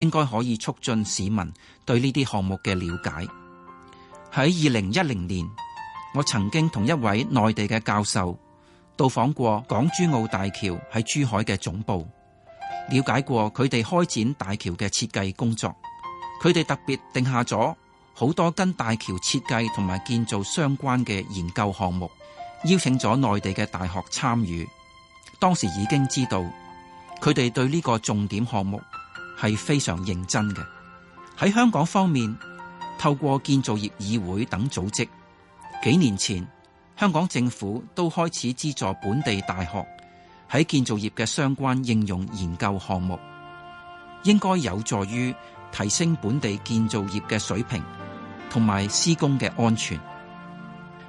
應該可以促進市民對呢啲項目嘅了解。喺二零一零年，我曾經同一位內地嘅教授到訪過港珠澳大橋喺珠海嘅總部，了解過佢哋開展大橋嘅設計工作。佢哋特別定下咗好多跟大橋設計同埋建造相關嘅研究項目，邀請咗內地嘅大學參與。當時已經知道，佢哋對呢個重點項目係非常認真嘅。喺香港方面，透過建造業議會等組織，幾年前香港政府都開始資助本地大學喺建造業嘅相關應用研究項目，應該有助於提升本地建造業嘅水平同埋施工嘅安全。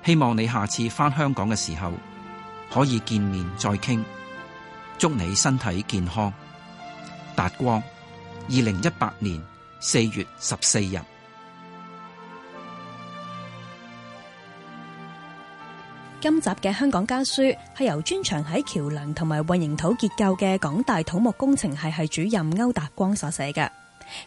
希望你下次返香港嘅時候，可以見面再傾。祝你身體健康，達光。二零一八年四月十四日，今集嘅香港家書係由專長喺橋樑同埋混凝土結構嘅港大土木工程系系主任歐達光所寫嘅。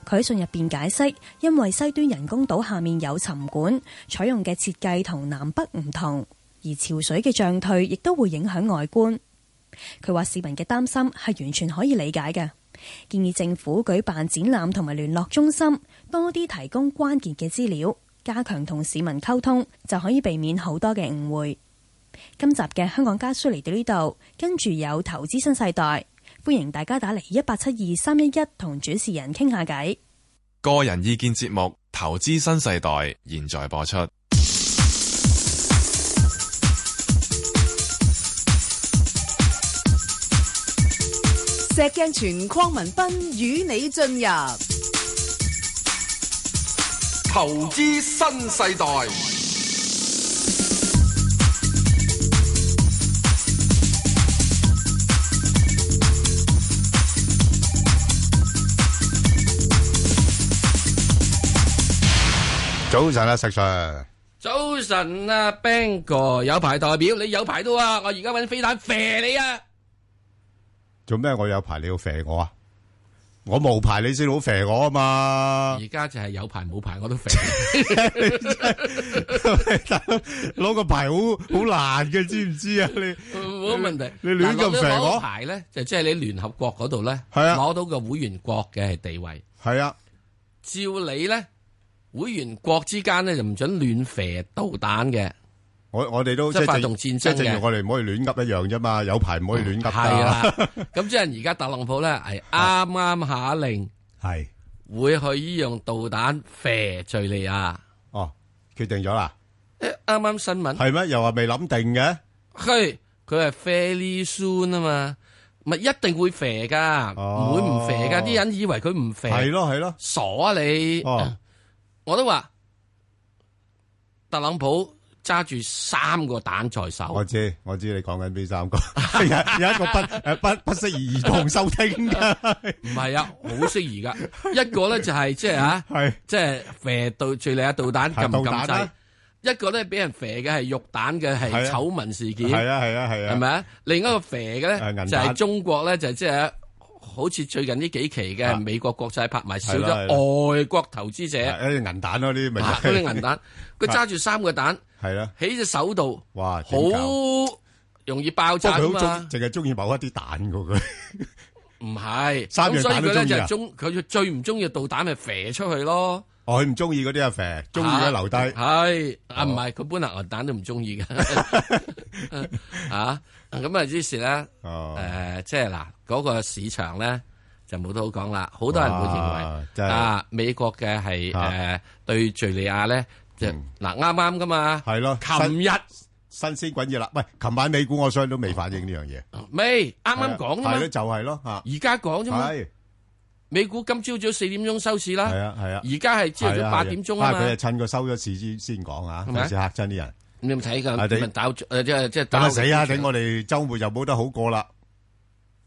佢喺信入邊解釋，因為西端人工島下面有沉管，採用嘅設計同南北唔同，而潮水嘅漲退亦都會影響外觀。佢話市民嘅擔心係完全可以理解嘅。建議政府舉辦展覽同埋聯絡中心，多啲提供關鍵嘅資料，加強同市民溝通，就可以避免好多嘅誤會。今集嘅香港家書嚟到呢度，跟住有投資新世代，歡迎大家打嚟一八七二三一一同主持人傾下偈。個人意見節目《投資新世代》現在播出。石鏡泉鄺民彬與你進入投資新世代。早晨啊，石 Sir！早晨啊，Bingo 哥，有排代表你有排都啊，我而家揾飛彈射你啊！做咩？我有牌你要肥我啊！我冇牌你先好肥我啊嘛！而家就係有牌冇牌我都肥。攞個牌好好難嘅，知唔知啊？你冇問題。你亂咁肥我？牌咧就即係你喺聯合國嗰度咧，攞，啊、到個會員國嘅係地位。係啊，照你咧，會員國之間咧就唔准亂肥導彈嘅。我我哋都即係發動戰爭，即係正如我哋唔可以亂噏一樣啫嘛，有排唔可以亂噏噶。係啦，咁即係而家特朗普咧，係啱啱下令，係會去呢樣導彈肥敘利亞。哦，決定咗啦？誒，啱啱新聞係咩？又話未諗定嘅？佢佢係 fairly soon 啊嘛，咪一定會肥噶，唔會唔肥噶。啲人以為佢唔肥，係咯係咯，傻你！我都話特朗普。揸住三個蛋在手我，我知我知你講緊邊三個，有 有一個不誒不不適宜兒童收聽㗎，唔 係啊，好適宜噶。一個咧就係即係啊，即係肥導最叻導彈近唔近身？彈啊、一個咧俾人肥嘅係肉蛋嘅係醜聞事件，係啊係啊係啊，係咪啊，啊，啊，啊？另一個肥嘅咧就係中國咧就係即係。銀彈 好似最近呢幾期嘅美國國債拍賣少咗外國投資者，嗰啲、啊、銀彈咯、啊，啲咪嗰啲銀彈，佢揸住三個彈，係啦、啊，喺隻手度，哇，好容易爆炸嘛，淨係中意某一啲彈個、啊、佢，唔係是，三件所以佢咧就中佢最唔中意導彈，咪飛出去咯。我唔中意嗰啲啊，飛，中意咧留低，係啊，唔係佢搬銀彈都唔中意嘅， 啊。咁啊！於是咧，誒，即係嗱，嗰個市場咧就冇得好講啦。好多人會認為啊，美國嘅係誒對敍利亞咧，就嗱啱啱噶嘛。係咯，琴日新鮮滾熱啦。喂，琴晚美股我相信都未反映呢樣嘢，未啱啱講啦嘛。係咯，就係咯嚇。而家講啫嘛。係。美股今朝早四點鐘收市啦。係啊係啊。而家係朝頭早八點鐘啊嘛。係佢哋趁佢收咗市之先講嚇，還是嚇親啲人？你有冇睇噶？唔係打，誒即係即係打。死啊！等我哋周末就冇得好過啦。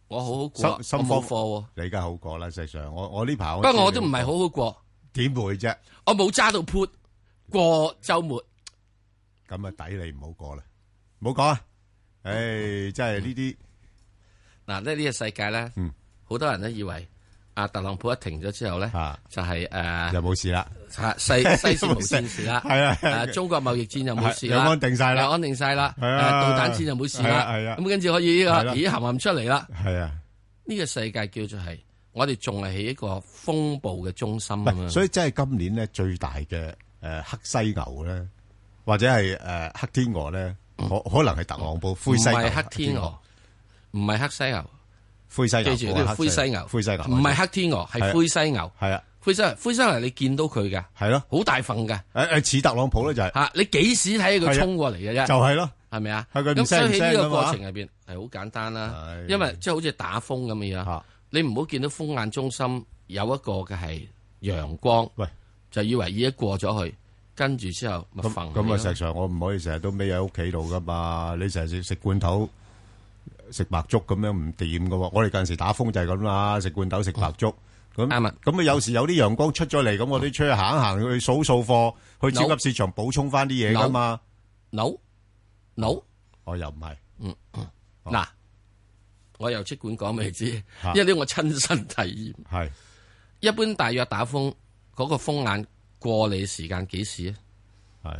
我好好過，我冇貨。你而家好過啦，事實上，我我呢排。不過我都唔係好好過。點會啫？我冇揸到 put。過周末。咁啊，抵你唔好過啦，唔好講啊！誒，真係呢啲。嗱，呢呢個世界咧，嗯，好多人都以為。阿特朗普一停咗之後咧，就係誒又冇事啦，細細事冇事啦，係啊，中國貿易戰又冇事啦，安定晒啦，安定晒啦，導彈戰就冇事啦，咁跟住可以呢個咦含含出嚟啦，係啊，呢個世界叫做係我哋仲係喺一個風暴嘅中心，所以即係今年呢，最大嘅誒黑犀牛咧，或者係誒黑天鵝咧，可可能係特朗普灰犀牛，黑天鵝，唔係黑犀牛。灰犀牛，記住呢灰犀牛，灰犀牛唔係黑天鵝，係灰犀牛。係啊，灰犀灰犀牛你見到佢嘅係咯，好大份嘅。誒誒，似特朗普咧就係吓，你幾時睇佢衝過嚟嘅啫？就係咯，係咪啊？咁喺呢個過程入邊係好簡單啦，因為即係好似打風咁嘅樣。你唔好見到風眼中心有一個嘅係陽光，喂，就以為已經過咗去，跟住之後咪瞓。咁咁啊！實情我唔可以成日都匿喺屋企度噶嘛？你成日食食罐頭。食白粥咁樣唔掂噶，我哋近時打風就係咁啦，食罐頭食白粥咁，咁啊有時有啲陽光出咗嚟，咁我哋出去行一行去掃掃貨，去超級市場補充翻啲嘢噶嘛。No no，我又唔係，嗯，嗱，我又即管講畀你知，因為呢我親身體驗，係一般大約打風嗰個風眼過你時間幾時啊？係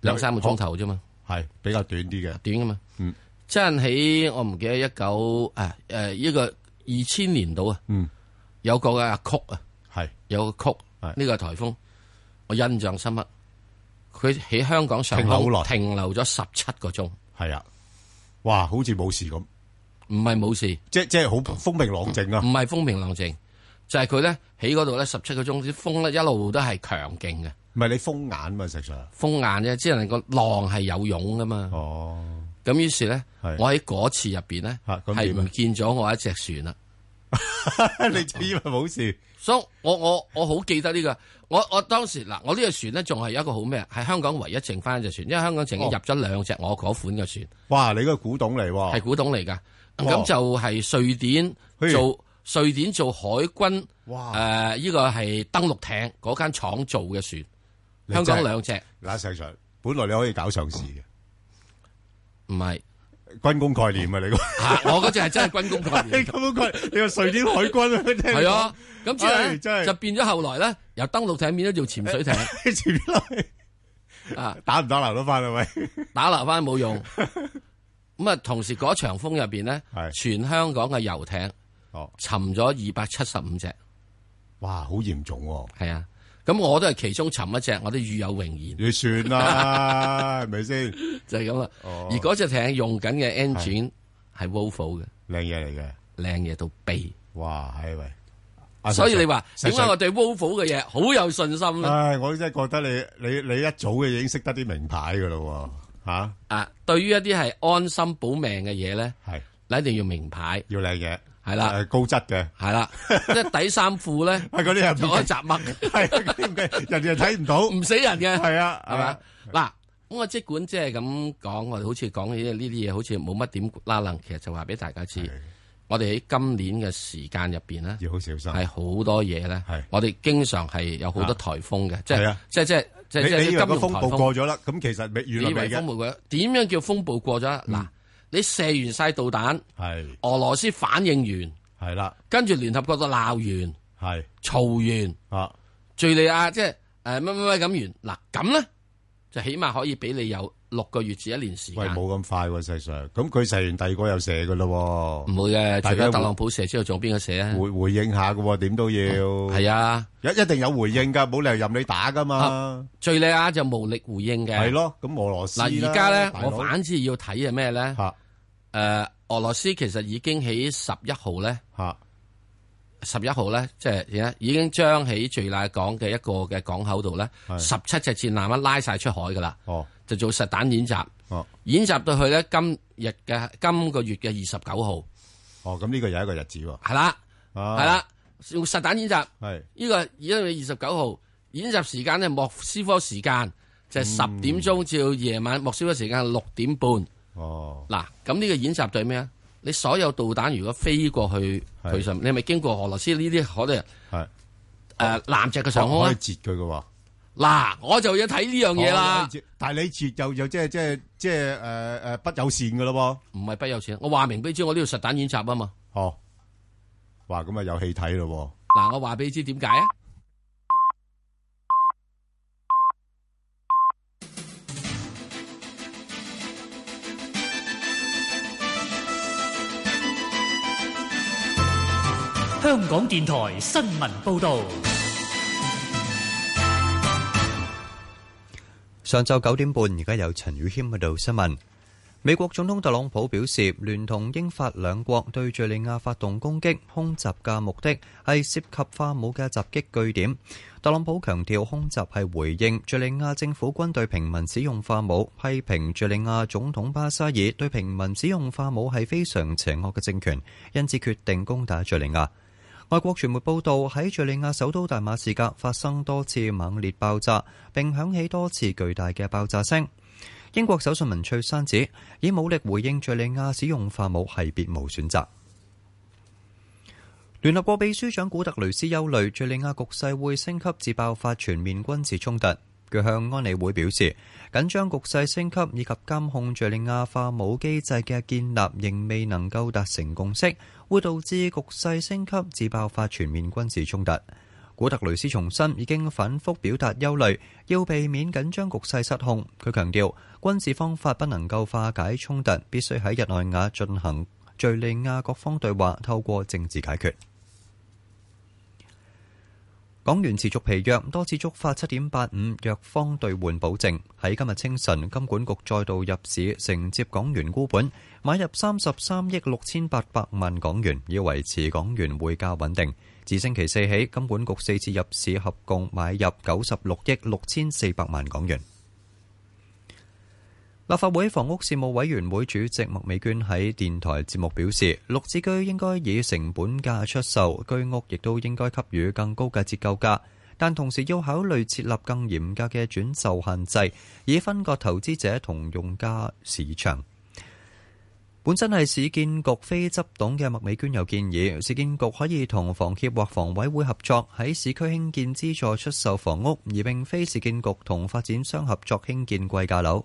兩三個鐘頭啫嘛，係比較短啲嘅，短噶嘛，嗯。真喺我唔記得一九誒誒呢個二千年度啊，嗯、有個嘅曲啊，係有個曲呢個台風，是我印象深刻。佢喺香港上空停留咗十七個鐘，係啊，哇，好似冇事咁，唔係冇事，即即係好風平浪靜啊，唔係、嗯、風平浪靜，就係佢咧喺嗰度咧十七個鐘，啲風咧一路都係強勁嘅，唔係你風眼啊嘛，實際上風眼啫，只、就、係、是、個浪係有湧噶嘛。哦咁於是咧、 so，我喺嗰次入邊咧，係唔見咗我一隻船啦。你仲以為冇事？所以我我我好記得呢、這個，我我當時嗱，我呢隻船咧，仲係一個好咩？係香港唯一剩翻一隻船，因為香港曾經入咗兩隻我嗰款嘅船，哦。哇！你個古董嚟，係古董嚟噶。咁、哦、就係瑞典做瑞典做海軍，誒嘩，呢、呃這個係登陸艇嗰間廠做嘅船。的香港兩隻，嗱，世上本來你可以搞上市嘅。唔係軍工概念啊！你個，我嗰隻係真係軍工概念。你咁樣貴，你個瑞典海軍啊？係啊，咁真係就變咗後來咧，由登陸艇變咗做潛水艇。潛水艇啊，打唔打撈得翻啊？咪打撈翻冇用。咁啊，同時嗰場風入邊咧，全香港嘅遊艇，沉咗二百七十五隻。哇，好嚴重喎！係啊。咁我都係其中尋一隻，我都遇有榮言。你算啦，係咪先？就係咁啊。而嗰隻艇用緊嘅 engine 係 Volvo 嘅，靚嘢嚟嘅，靚嘢都痹。哇，係喂。所以你話點解我對 Volvo 嘅嘢好有信心咧？唉，我真係覺得你你你一早嘅已經識得啲名牌嘅咯喎啊，對於一啲係安心保命嘅嘢咧，你一定要名牌，要靚嘢。係啦，高質嘅係啦，即係底衫褲咧，嗰啲係唔可以雜物，係，人哋又睇唔到，唔死人嘅，係啊，係嘛，嗱，咁我即管即係咁講，我哋好似講起呢啲嘢，好似冇乜點拉楞，其實就話俾大家知，我哋喺今年嘅時間入邊呢，要好小心，係好多嘢咧，係，我哋經常係有好多台風嘅，即係，即係，即係，即係，即係，今日風暴過咗啦，咁其實以為風暴過，點樣叫風暴過咗嗱。你射完晒導彈，係俄羅斯反應完，係啦，跟住聯合國就鬧完，係嘈完，啊，敘利亞即係誒，乜乜乜咁完，嗱咁咧就起碼可以俾你有六個月至一年時間。喂，冇咁快喎，世上。咁佢射完第二個又射噶啦，唔會嘅，除咗特朗普射之後，仲有邊個射啊？回回應下噶，點都要。係啊，一一定有回應噶，冇理由任你打噶嘛。敘利亞就無力回應嘅。係咯，咁俄羅斯嗱而家咧，我反之要睇係咩咧？誒、呃，俄羅斯其實已經喺十一號咧吓，十一號咧即係已經將喺敘利亞港嘅一個嘅港口度咧，十七隻戰艦一拉晒出海噶啦，哦、就做實彈演習，哦、演習到去咧今日嘅今個月嘅二十九號，哦，咁呢個又一個日子喎、哦，係啦，係、啊、啦，用實彈演習，係呢是、這個因為二十九號演習時間咧莫斯科時間就十、是、點鐘至、嗯、到夜晚，莫斯科時間六點半。哦，嗱，咁呢個演習對咩啊？你所有導彈如果飛過去佢是上，你係咪經過俄羅斯呢啲可是、呃、藍的人？係誒南極嘅上空可以截佢嘅喎。嗱，我就要睇呢樣嘢啦。但係你截又又即係即係即係誒誒不友善嘅咯？唔係不，不友善，我話明俾你知，我都要實彈演習啊嘛。哦，話咁啊有戲睇咯。嗱，我話俾你知點解啊？香港電台新聞報道，上晝九點半，而家有陳宇謙喺度新聞。美國總統特朗普表示，聯同英法兩國對敘利亞發動攻擊，空襲嘅目的係涉及化武嘅襲擊據點。特朗普強調，空襲係回應敘利亞政府軍對平民使用化武，批評敘利亞總統巴沙爾對平民使用化武係非常邪惡嘅政權，因此決定攻打敘利亞。外國傳媒報道，喺叙利亞首都大馬士革發生多次猛烈爆炸，並響起多次巨大嘅爆炸聲。英國首相文翠珊指，以武力回應叙利亞使用化武係別無選擇。聯合國秘書長古特雷斯憂慮叙利亞局勢會升級至爆發全面軍事衝突。佢向安理會表示，緊張局勢升級以及監控敍利亞化武機制嘅建立仍未能夠達成共識，會導致局勢升級至爆發全面軍事衝突。古特雷斯重申已經反覆表達憂慮，要避免緊張局勢失控。佢強調，軍事方法不能夠化解衝突，必須喺日內瓦進行敍利亞各方對話，透過政治解決。港元持續疲弱，多次觸發七點八五弱方兌換保證。喺今日清晨，金管局再度入市承接港元沽盤，買入三十三億六千八百萬港元，以維持港元匯價穩定。自星期四起，金管局四次入市合共買入九十六億六千四百萬港元。立法會房屋事務委員會主席麥美娟喺電台節目表示，六字居應該以成本價出售居屋，亦都應該給予更高嘅折扣價，但同時要考慮設立更嚴格嘅轉售限制，以分割投資者同用家市場。本身係市建局非執董嘅麥美娟又建議，市建局可以同房協或房委會合作喺市區興建資助出售房屋，而並非市建局同發展商合作興建貴價樓。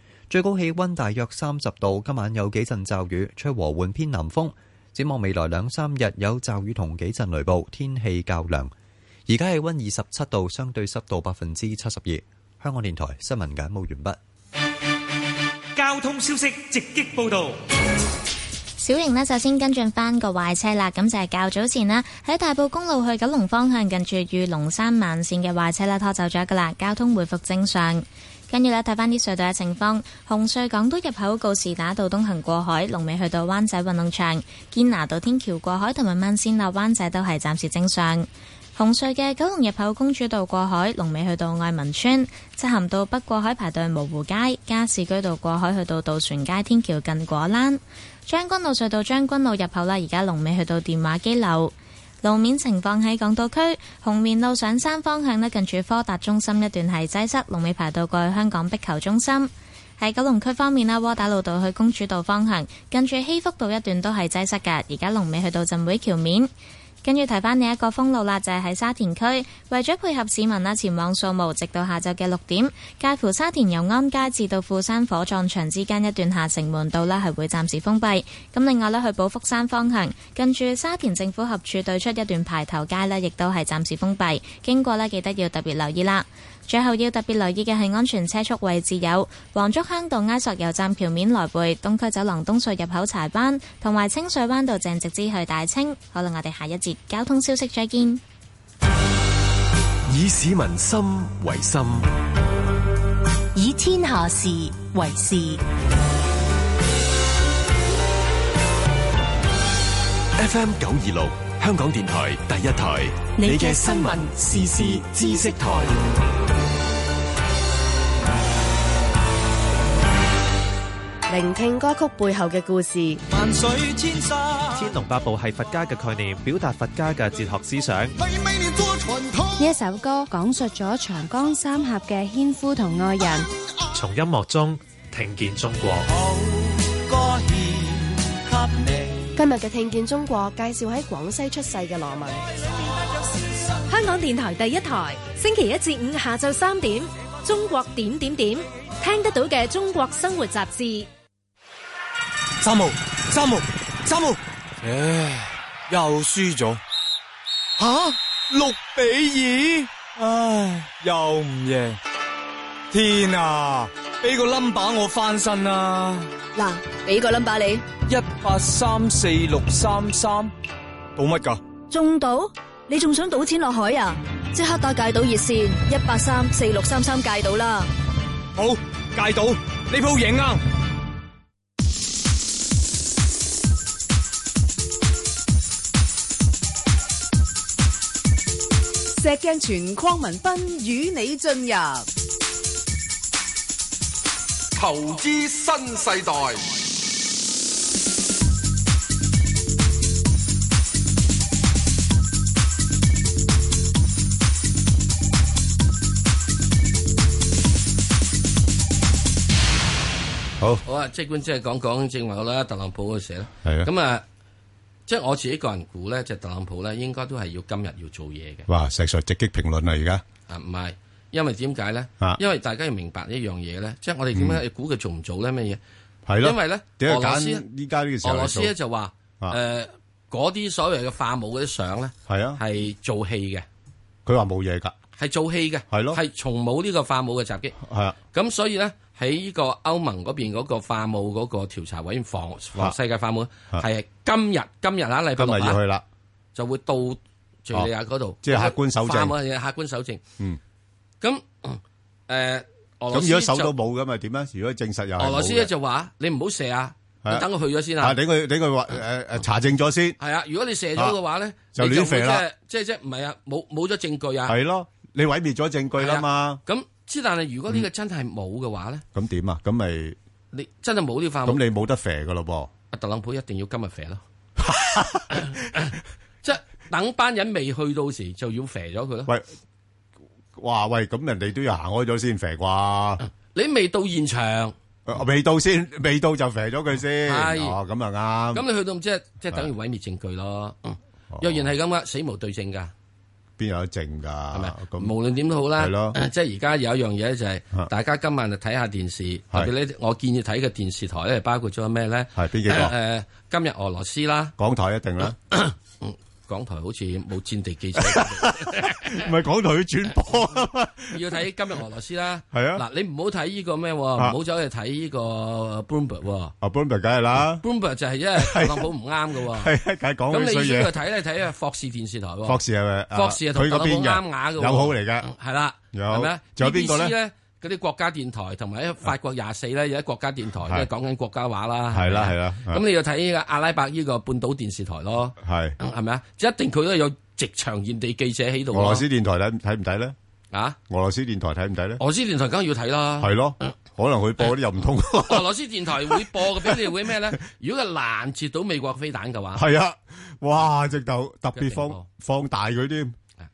最高氣溫大約三十度，今晚有幾陣驟雨，吹和緩偏南風。展望未來兩三日有驟雨同幾陣雷暴，天氣較涼。而家氣溫二十七度，相對濕度百分之七十二。香港電台新聞簡報完畢。交通消息直擊報道。小瑩呢，就先跟進翻個壞車啦，咁就係較早前啦，喺大埔公路去九龍方向近住御龍山慢綫嘅壞車啦，拖走咗噶啦，交通回復正常。跟住咧，睇翻啲隧道嘅情況。紅隧港島入口告士打道東行過海，龍尾去到灣仔運動場；堅拿道天橋過海同埋，蚊先樓灣仔都係暫時正常。紅隧嘅九龍入口公主道過海，龍尾去到愛民村；漆咸道北過海排隊蕪湖街，加士居道過海去到渡船街天橋近果欄，將軍路隧道將軍路入口啦。而家龍尾去到電話機樓。路面情況喺港島區紅棉路上山方向咧，近住科達中心一段係擠塞，塞，龍尾排到過去香港壁球中心。喺九龍區方面啦，窩打老道去公主道方向，近住希福道一段都係擠塞㗎，而家龍尾去到浸會橋面。跟住提翻呢一個封路啦，就係喺沙田區，為咗配合市民啦前往掃墓，直到下晝嘅六點，介乎沙田油安街至到富山火葬場之間一段下城門道啦，係會暫時封閉。咁另外咧去寶福山方向，近住沙田政府合署對出一段排頭街咧，亦都係暫時封閉，經過咧記得要特別留意啦。最後要特別留意嘅係安全車速位置，有黃竹坑道埃索油站橋面來回、東區走廊東隧入口柴灣，同埋清水灣道正直至去大清。可能我哋下一節交通消息再見。以市民心為心，以天下事為事。FM 九二六，香港電台第一台，你嘅新聞、時事、知識台。聆聽歌曲背後嘅故事。萬水千山。天龍八部係佛家嘅概念，表達佛家嘅哲學思想。呢一首歌講述咗長江三峽嘅縴夫同愛人。從音樂中聽見中國。今日嘅聽見中國介紹喺廣西出世嘅羅文。香港電台第一台，星期一至五下晝三點，中國點點點，聽得到嘅中國生活雜誌。三號，三號，三號，唉，又輸咗。吓，六比二，唉，又唔贏。天啊，俾個 number 我翻身啊。嗱，俾個 number 你，一八三四六三三，賭乜噶？中到？你仲想賭錢落海啊？即刻打戒賭熱線一八三四六三三戒賭啦。好，戒賭，你鋪贏啊。石鏡泉鄺民彬與你進入投資新世代。好好啊，即管即係講講正話啦，特朗普嘅事啦，係啊的，咁啊。即係我自己個人估咧，就係特朗普咧，應該都係要今日要做嘢嘅。哇！石在直擊評論啦，而家啊唔係，因為點解咧？啊，因為大家要明白一樣嘢咧，即係我哋點解要估佢做唔做咧？乜嘢？係咯。因為咧，俄羅斯依家呢個時候，俄羅斯咧就話誒嗰啲所謂嘅化武嗰啲相咧，係啊係做戲嘅。佢話冇嘢㗎，係做戲嘅。係咯，係從冇呢個化武嘅襲擊。係啊，咁所以咧。喺呢個歐盟嗰邊嗰個化武嗰個調查委員訪訪世界化武，係今日今日啊，禮拜一要去啦，就會到敘利亞嗰度。即係客觀守證，化武嘢客觀守證。嗯，咁誒，俄羅斯咁如果守都冇咁，咪點咧？如果證實又俄羅斯咧就話你唔好射啊，等佢去咗先啊，等佢等佢話誒誒查證咗先。係啊，如果你射咗嘅話咧，就亂射啦，即係即係唔係啊，冇冇咗證據啊，係咯，你毀滅咗證據啦嘛。咁之，但係如果呢個真係冇嘅話咧，咁點啊？咁咪你真係冇呢塊？咁、嗯、你冇得肥噶咯噃？阿特朗普一定要今日肥咯，即係 等班人未去到時就要肥咗佢咯。喂，哇喂，咁人哋都要行開咗先肥啩？你未到現場、呃，未到先，未到就肥咗佢先。哦、咁啊啱。咁、哦、你去到即係即係等於毀滅證據咯？嗯哦、若然係咁啊，死無對證噶。邊有得剩噶？係咪？樣無論點都好啦。係咯的。即係而家有一樣嘢就係、是，的大家今晚就睇下電視。的特別我建議睇嘅電視台咧，包括咗咩咧？係邊幾個？誒、呃呃，今日俄羅斯啦。港台一定啦。 港台好似冇戰地記者，唔係港台要轉播，要睇今日俄羅斯啦。係啊，嗱你唔好睇呢個咩喎，唔好走去睇呢個 Bloomberg 喎。啊 Bloomberg 梗係啦，Bloomberg 就係因為特朗普唔啱嘅。係啊，梗係講啲衰嘢。咁你呢個睇咧睇啊，Fox 電視台。Fox 係，Fox 係同特朗普啱牙嘅友好嚟㗎。係啦，有，仲有邊個咧？嗰啲國家電台同埋喺法國廿四咧，有啲國家電台即係講緊國家話啦。係啦係啦。咁你要睇呢個阿拉伯呢個半島電視台咯。係，係咪啊？一定佢都有直場現地記者喺度。俄羅斯電台睇睇唔睇咧？啊，俄羅斯電台睇唔睇咧？俄羅斯電台梗係要睇啦。係咯，可能佢播啲又唔通。俄羅斯電台會播嘅俾你會咩咧？如果佢攔截到美國飛彈嘅話，係啊！哇，直頭特別放放大佢啲，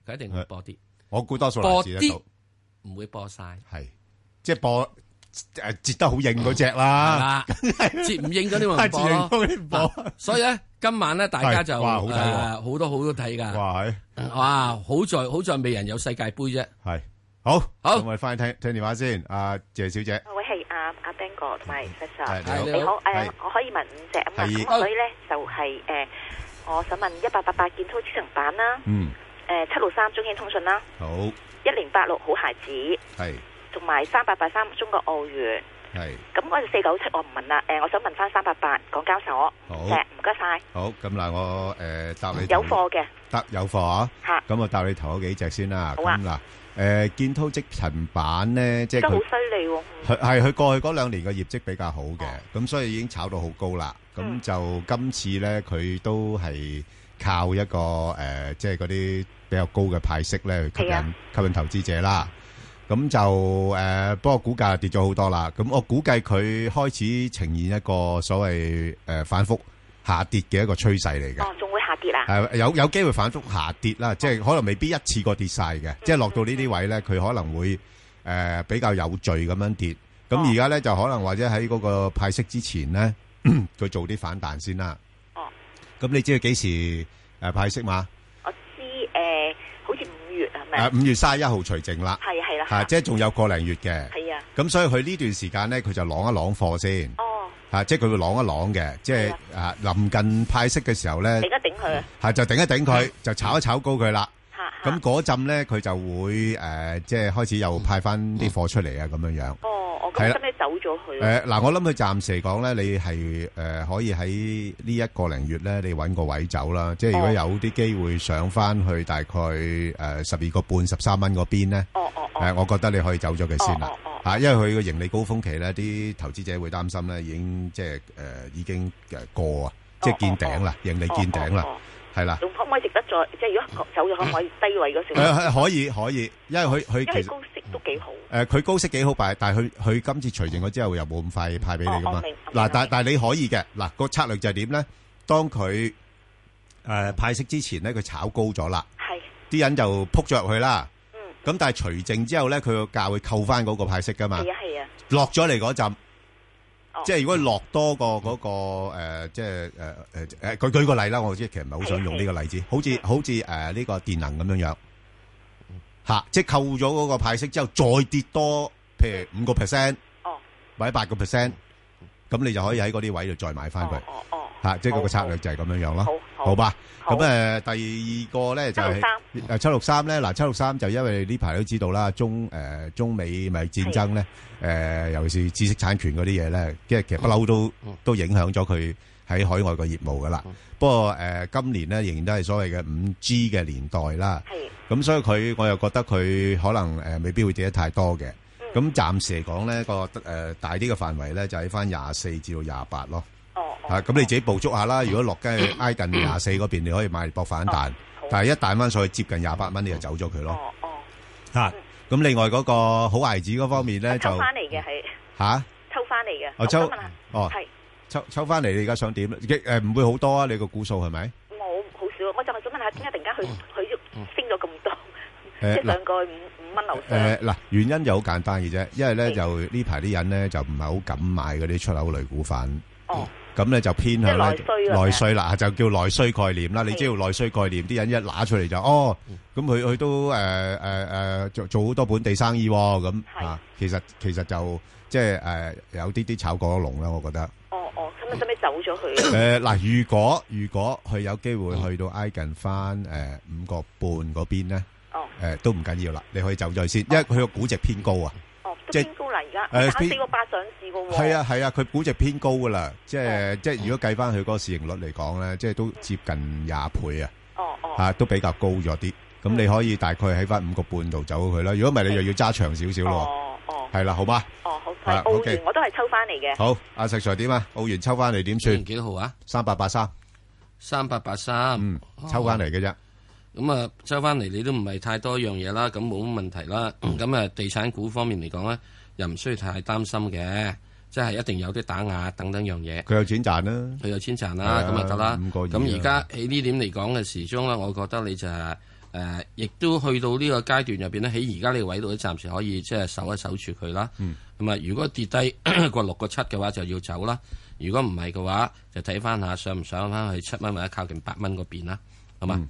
佢一定會播啲。我估多數播啲，唔會播晒。係。即係播誒，截得好硬嗰隻啦，係啦，截唔應嗰啲咪播咯。所以咧，今晚咧，大家就哇好睇，好多好多睇噶哇，係哇，好在好在未人有世界盃啫。係，好好。我哋翻去聽聽電話先。阿謝小姐，喂，係阿阿 Ben 哥同埋 Sasha，你好，你好。誒，我可以問五隻啊嘛，所以咧就係誒，我想問一八八八建滔積層板啦，嗯，誒七六三中興通訊啦，好一零八六好孩子係。同埋三八八三中國奧園係，咁我四九七我唔問啦。誒，我想問翻三八八港交所，好唔該晒。好，咁嗱我誒答你有貨嘅，得有貨啊吓。咁啊答你投咗幾隻先啦。好啊。咁嗱，誒建滔積層板咧，即係都好犀利。係，係佢過去嗰兩年嘅業績比較好嘅，咁所以已經炒到好高啦。咁就今次咧，佢都係靠一個誒，即係嗰啲比較高嘅派息咧，去吸引吸引投資者啦。咁就誒，不過股價跌咗好多啦。咁我估計佢開始呈現一個所謂誒、呃、反復下跌嘅一個趨勢嚟嘅。哦，仲會下跌啊？係、呃、有有機會反復下跌啦，即係可能未必一次過跌晒嘅。嗯、即係落到呢啲位咧，佢可能會誒、呃、比較有序咁樣跌。咁而家咧就可能或者喺嗰個派息之前咧，佢做啲反彈先啦。哦。咁你知佢幾時誒派息嘛？啊！五月卅一號除淨啦，係啊，係啦，係即係仲有個零月嘅，係啊。咁所以佢呢段時間咧，佢就晾一晾貨先，哦，係即係佢會晾一晾嘅，即係啊臨近派息嘅時候咧，頂一頂佢，係就頂一頂佢，就炒一炒高佢啦。咁嗰陣咧，佢就會誒即係開始又派翻啲貨出嚟啊，咁樣樣。係啦，走咗去。誒，嗱，我諗佢暫時講咧，你係誒可以喺呢一個零月咧，你揾個位走啦。即係如果有啲機會上翻去大概誒十二個半十三蚊嗰邊咧，誒，我覺得你可以走咗佢先啦。吓，因為佢個盈利高峰期咧，啲投資者會擔心咧，已經即係誒已經誒過啊，即係見頂啦，盈利見頂啦。係啦，仲可唔可以值得再？即係如果唔走咗，可唔可以低位嗰時？誒，可以可以，因為佢佢，因為高息都幾好。誒，佢高息幾好，但係但係佢佢今次除淨咗之後，又冇咁快派俾你噶嘛？嗱，但但你可以嘅，嗱個策略就係點咧？當佢誒派息之前咧，佢炒高咗啦，啲人就撲咗入去啦。咁但係除淨之後咧，佢個價會扣翻嗰個派息噶嘛？係啊係啊，落咗嚟嗰陣即係如果落多個嗰個誒、呃，即係誒誒誒，舉舉個例啦，我即係其實唔係好想用呢個例子，好似好似誒呢個電能咁樣樣，吓、啊、即係扣咗嗰個派息之後，再跌多譬如五個 percent，或者八個 percent，咁你就可以喺嗰啲位度再買翻佢。吓，即係個策略就係咁樣樣咯，好，好，好，好吧。咁誒好、嗯，第二個咧就係、是、誒七六三咧，嗱七六三就因為呢排都知道啦，中誒、呃、中美咪戰爭咧，誒的、呃、尤其是知識產權嗰啲嘢咧，即係其實不嬲都的都影響咗佢喺海外嘅業務噶啦。嗯、不過誒、呃、今年咧仍然都係所謂嘅五 G 嘅年代啦，咁的所以佢我又覺得佢可能誒、呃、未必會借得太多嘅。咁暫的、嗯、時嚟講咧個誒大啲嘅範圍咧就喺翻廿四至到廿八咯。啊，咁你自己捕捉下啦。如果落街挨近廿四嗰邊，你可以買嚟博反彈。但係一彈翻上去接近廿八蚊，你就走咗佢咯。哦哦，啊，咁另外嗰個好孩子嗰方面咧就抽翻嚟嘅係吓抽翻嚟嘅。哦，抽哦係抽抽翻嚟，你而家想點？誒，唔會好多啊？你個股數係咪？冇，好少。我就係想問下，點解突然間佢佢升咗咁多？一兩個五五蚊樓上。誒嗱，原因就好簡單嘅啫，因為咧就呢排啲人咧就唔係好敢買嗰啲出口類股份。哦。咁咧就偏向內需啦，就叫內需概念啦。你知道內需概念啲人一拿出嚟就哦，咁佢佢都誒誒誒做做好多本地生意咁。係、嗯是，其實其實就即係誒有啲啲炒過龍啦，我覺得。哦哦，使乜使乜走咗佢？誒嗱、 呃，如果如果佢有機會去到挨近翻誒、呃、五個半嗰邊咧，誒、哦呃、都唔緊要啦，你可以走咗先，因為佢個估值偏高啊。即係偏高啦，而家打四個八上市嘅喎。係啊係啊，佢估值偏高噶啦，即係即係如果計翻佢嗰個市盈率嚟講咧，即係都接近廿倍啊。哦哦，吓都比較高咗啲。咁你可以大概喺翻五個半度走佢啦。如果唔係，你又要揸長少少咯。哦哦，係啦，好嗎？哦，係澳元我都係抽翻嚟嘅。好，阿石財點啊？澳元抽翻嚟點算？幾多號啊？三八八三，三八八三，嗯，抽翻嚟嘅啫。咁啊，收翻嚟你都唔係太多樣嘢啦，咁冇乜問題啦。咁啊、嗯，地產股方面嚟講咧，又唔需要太擔心嘅，即係一定有啲打壓等等樣嘢。佢有錢賺啦，佢有錢賺啦，咁咪得啦。咁而家喺呢點嚟講嘅時鐘咧，我覺得你就係、是、誒、呃，亦都去到呢個階段入邊咧，喺而家呢個位度都暫時可以即係守一守住佢啦。咁啊、嗯，如果跌低個六個七嘅話，就要走啦。如果唔係嘅話，就睇翻下上唔上翻去七蚊或者靠近八蚊嗰邊啦。好嘛？嗯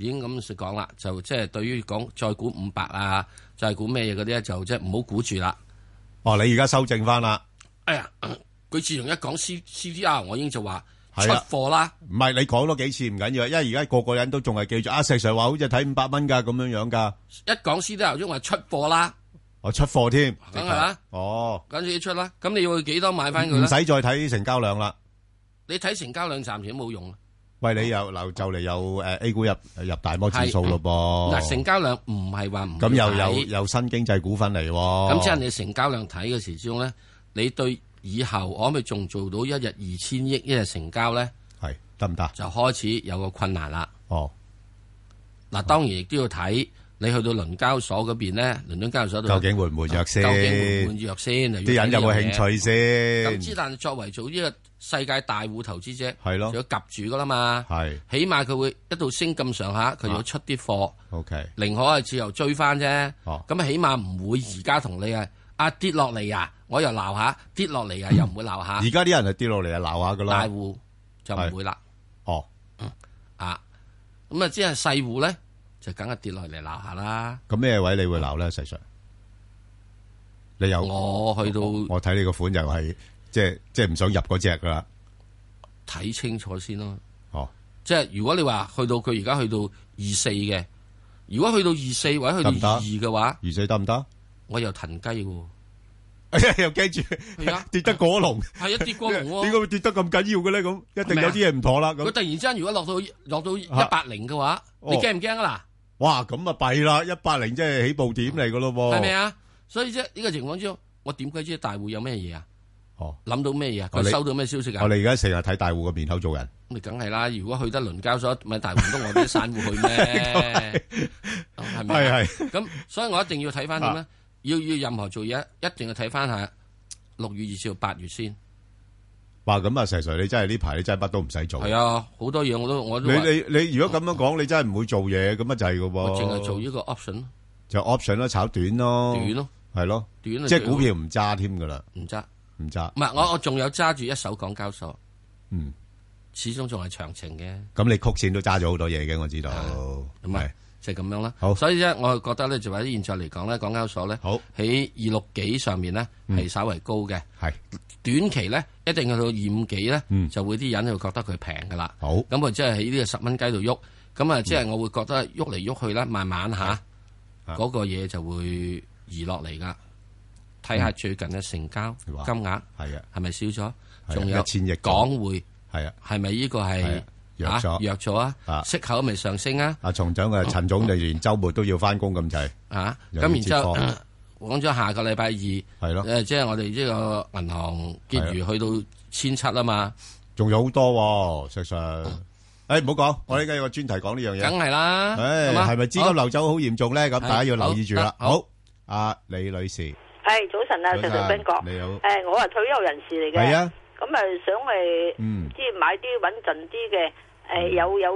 已經咁講啦，就即係對於講再估五百啊，再係估咩嘢嗰啲咧，就即係唔好估住啦。哦，你而家修正翻啦。哎呀，佢自從一講 C C D R，我已經就話出貨啦。唔係、啊、你講多幾次唔緊要，因為而家個個人都仲係記住阿、啊、石 Sir 話好似睇五百蚊㗎咁樣樣㗎。一講 C D R 因為出貨啦。哦，出貨添。梗係啦。啊、哦。跟住出啦，咁你要幾多買翻佢？唔使再睇成交量啦。你睇成交量暫時冇用。喂，你又嗱就嚟有誒 A 股入入大摩指數咯噃，嗱、嗯、成交量唔係話唔大，咁又有有新經濟股份嚟，哦，咁即係你成交量睇嘅時之中咧，你對以後我可唔可以仲做到一日二千億一日成交咧？係得唔得？行行就開始有個困難啦。哦，嗱當然亦都要睇。你去到倫交所嗰邊咧，倫敦交所究竟會唔會弱先？究竟會唔會弱先？啲人有冇興趣先？咁之但作為做呢個世界大戶投資者，係咯，要夾住噶啦嘛。係是，起碼佢會一度升咁上下，佢要出啲貨。O K，寧可係自由追翻啫。咁啊，起碼唔會而家同你啊、嗯、啊，啊跌落嚟啊，我又鬧下跌落嚟啊，又唔會鬧下。而家啲人係跌落嚟啊，鬧下噶啦。大戶就唔會啦。哦，啊，咁啊，即係細戶咧。就梗係跌落嚟鬧下啦。咁咩位你會鬧咧？細 sir，你有我去到，我睇你個款又係即係即係唔想入嗰隻噶啦。睇清楚先咯。哦，即係如果你話去到佢而家去到二四嘅，如果去到二四或者去到二二嘅話，二四得唔得？我又騰雞嘅，又驚住，跌得過龍係一跌過龍，點解會跌得咁緊要嘅咧？咁一定有啲嘢唔妥啦。咁佢突然之間如果落到落到一百零嘅話，你驚唔驚啊？嗱。哇，咁啊弊啦，一八零即係起步點嚟噶咯噃，係咪啊？所以即係呢個情況之中，我點解知大戶有咩嘢啊？哦，諗到咩嘢啊？佢收到咩消息啊？我哋而家成日睇大戶嘅面口做人，咁你梗係啦。如果去得輪交所，咪大戶都我哋散戶去咩？係咪？係係。咁所以我一定要睇翻點咧，要要任何做嘢，一定要睇翻下六月二至八月先。話咁啊，石 Sir，你真係呢排你真係乜都唔使做。係啊，好多嘢我都我都你你你如果咁樣講，你真係唔會做嘢，咁乜滯嘅喎？我淨係做呢個 option 咯，就 option 咯，炒短咯，咯，係咯，即係股票唔揸添嘅啦，唔揸，唔揸。唔係我我仲有揸住一手港交所，嗯，始終仲係長情嘅。咁你曲線都揸咗好多嘢嘅，我知道。係，就係咁樣啦。好，所以咧，我係覺得咧，就話喺現在嚟講咧，港交所咧，好喺二六幾上面咧係稍為高嘅，係。短期咧一定去到二五幾咧，就會啲人會覺得佢平噶啦。好咁啊，即係喺呢個十蚊雞度喐，咁啊，即係我會覺得喐嚟喐去啦，慢慢吓嗰個嘢就會移落嚟噶。睇下最近嘅成交金額係啊，係咪少咗？仲有千億港匯係啊，係咪呢個係弱咗弱咗啊？息口未上升啊？阿重總啊，陳總就連週末都要翻工咁滯啊！咁然之後。講咗下個禮拜二係咯，誒，即係我哋呢個銀行結餘去到千七啊嘛，仲有好多，石石，誒，唔好講，我呢家有個專題講呢樣嘢，梗係啦，誒，係咪資金流走好嚴重咧？咁大家要留意住啦。好，阿李女士。係早晨啊，石石彬哥，你好，誒，我係退休人士嚟嘅，咁啊，想嚟即係買啲穩陣啲嘅，誒，有有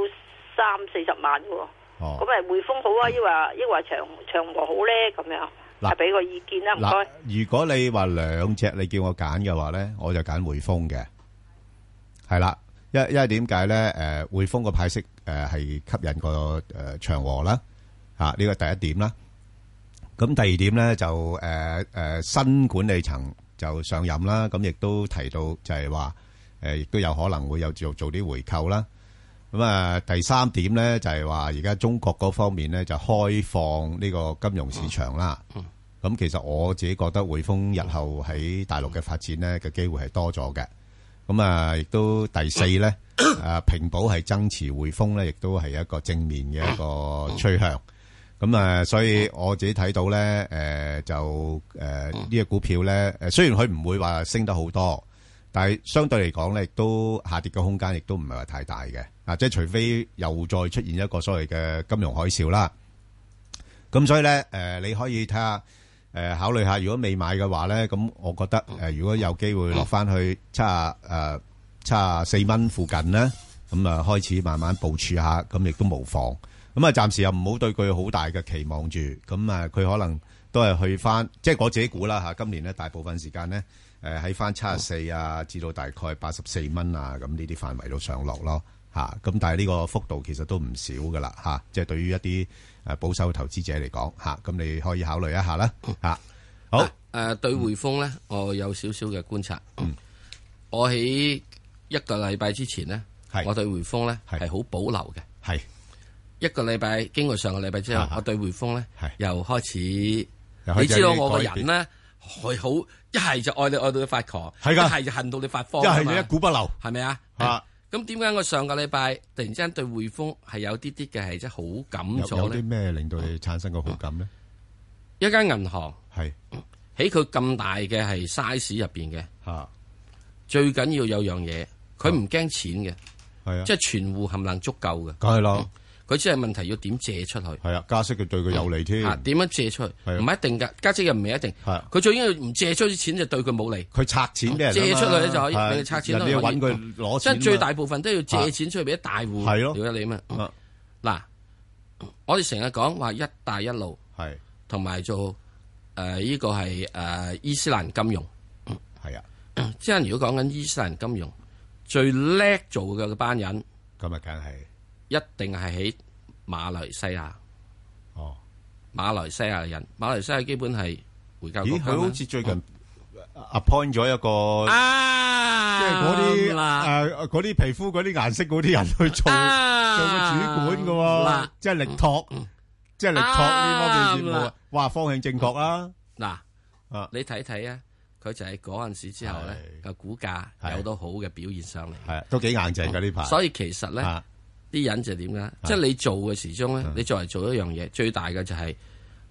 三四十萬嘅，咁啊，匯豐好啊，抑或抑或長長和好咧？咁樣。啊！俾個意見啦，唔該。嗱，如果你話兩隻你叫我揀嘅話咧，我就揀匯豐嘅。係啦，因為因為點解咧？誒，匯豐個派息誒係吸引過誒長和啦。嚇，呢個第一點啦。咁第二點咧就誒誒新管理層就上任啦。咁亦都提到就係話誒，亦都有可能會有做做啲回購啦。咁啊，第三點咧就係話而家中國嗰方面咧就開放呢個金融市場啦。咁其實我自己覺得匯豐日後喺大陸嘅發展呢，嘅機會係多咗嘅，啊，咁啊亦都第四呢， 啊平保係增持匯豐呢，亦都係一個正面嘅一個趨向。咁 啊，所以我自己睇到呢，誒、呃、就誒呢個股票呢，誒雖然佢唔會話升得好多，但係相對嚟講呢，亦都下跌嘅空間亦都唔係話太大嘅。啊，即係除非又再出現一個所謂嘅金融海嘯啦。咁所以呢，誒、呃、你可以睇下。誒考慮下，如果未買嘅話咧，咁我覺得誒，如果有機會落翻去七啊誒七啊四蚊附近咧，咁啊開始慢慢部署下，咁亦都無妨。咁啊，暫時又唔好對佢好大嘅期望住。咁啊，佢可能都係去翻，即係我自己估啦嚇。今年咧，大部分時間咧，誒喺翻七啊四啊，至到大概八十四蚊啊，咁呢啲範圍度上落咯。吓，咁但係呢個幅度其實都唔少噶啦，吓，即係對於一啲誒保守投資者嚟講，吓，咁你可以考慮一下啦，吓。好，誒，對匯豐咧，我有少少嘅觀察。我喺一個禮拜之前呢，我對匯豐咧係好保留嘅。係一個禮拜經過上個禮拜之後，我對匯豐咧又開始。你知道我個人呢，係好一係就愛到愛到你發狂，係一係就恨到你發瘋，一係一股不留，係咪啊？啊！咁點解我上個禮拜突然之間對匯豐係有啲啲嘅係即係好感咗？有啲咩令到你產生個好感咧、啊啊？一間銀行係喺佢咁大嘅係 size 入邊嘅嚇，最緊要有樣嘢，佢唔驚錢嘅，係啊，啊即係全戶含量足夠嘅。梗係咯。嗯佢只係問題要點借出去？係啊，加息佢對佢有利添。點樣借出去？唔係一定噶，加息又唔係一定。佢最緊要唔借出啲錢就對佢冇利。佢拆錢嘅，借出去就可以，佢拆錢佢攞即係最大部分都要借錢出去俾一大戶，了得你嘛？嗱，我哋成日講話一帶一路，係同埋做誒呢個係誒伊斯蘭金融，係啊。即係如果講緊伊斯蘭金融最叻做嘅班人，咁啊，梗係。一定係喺馬來西亞，哦，馬來西亞人，馬來西亞基本係回教。咦，佢好似最近 appoint 咗一個，即係嗰啲誒嗰啲皮膚嗰啲顏色嗰啲人去做做個主管噶，即係力拓，即係力拓呢方面業務啊，哇，方向正確啊。嗱，你睇睇啊，佢就係嗰陣時之後咧個股價有多好嘅表現上嚟，係都幾硬淨噶呢排。所以其實咧。啲人就點噶，即係你做嘅時鐘咧，你作為做一樣嘢，最大嘅就係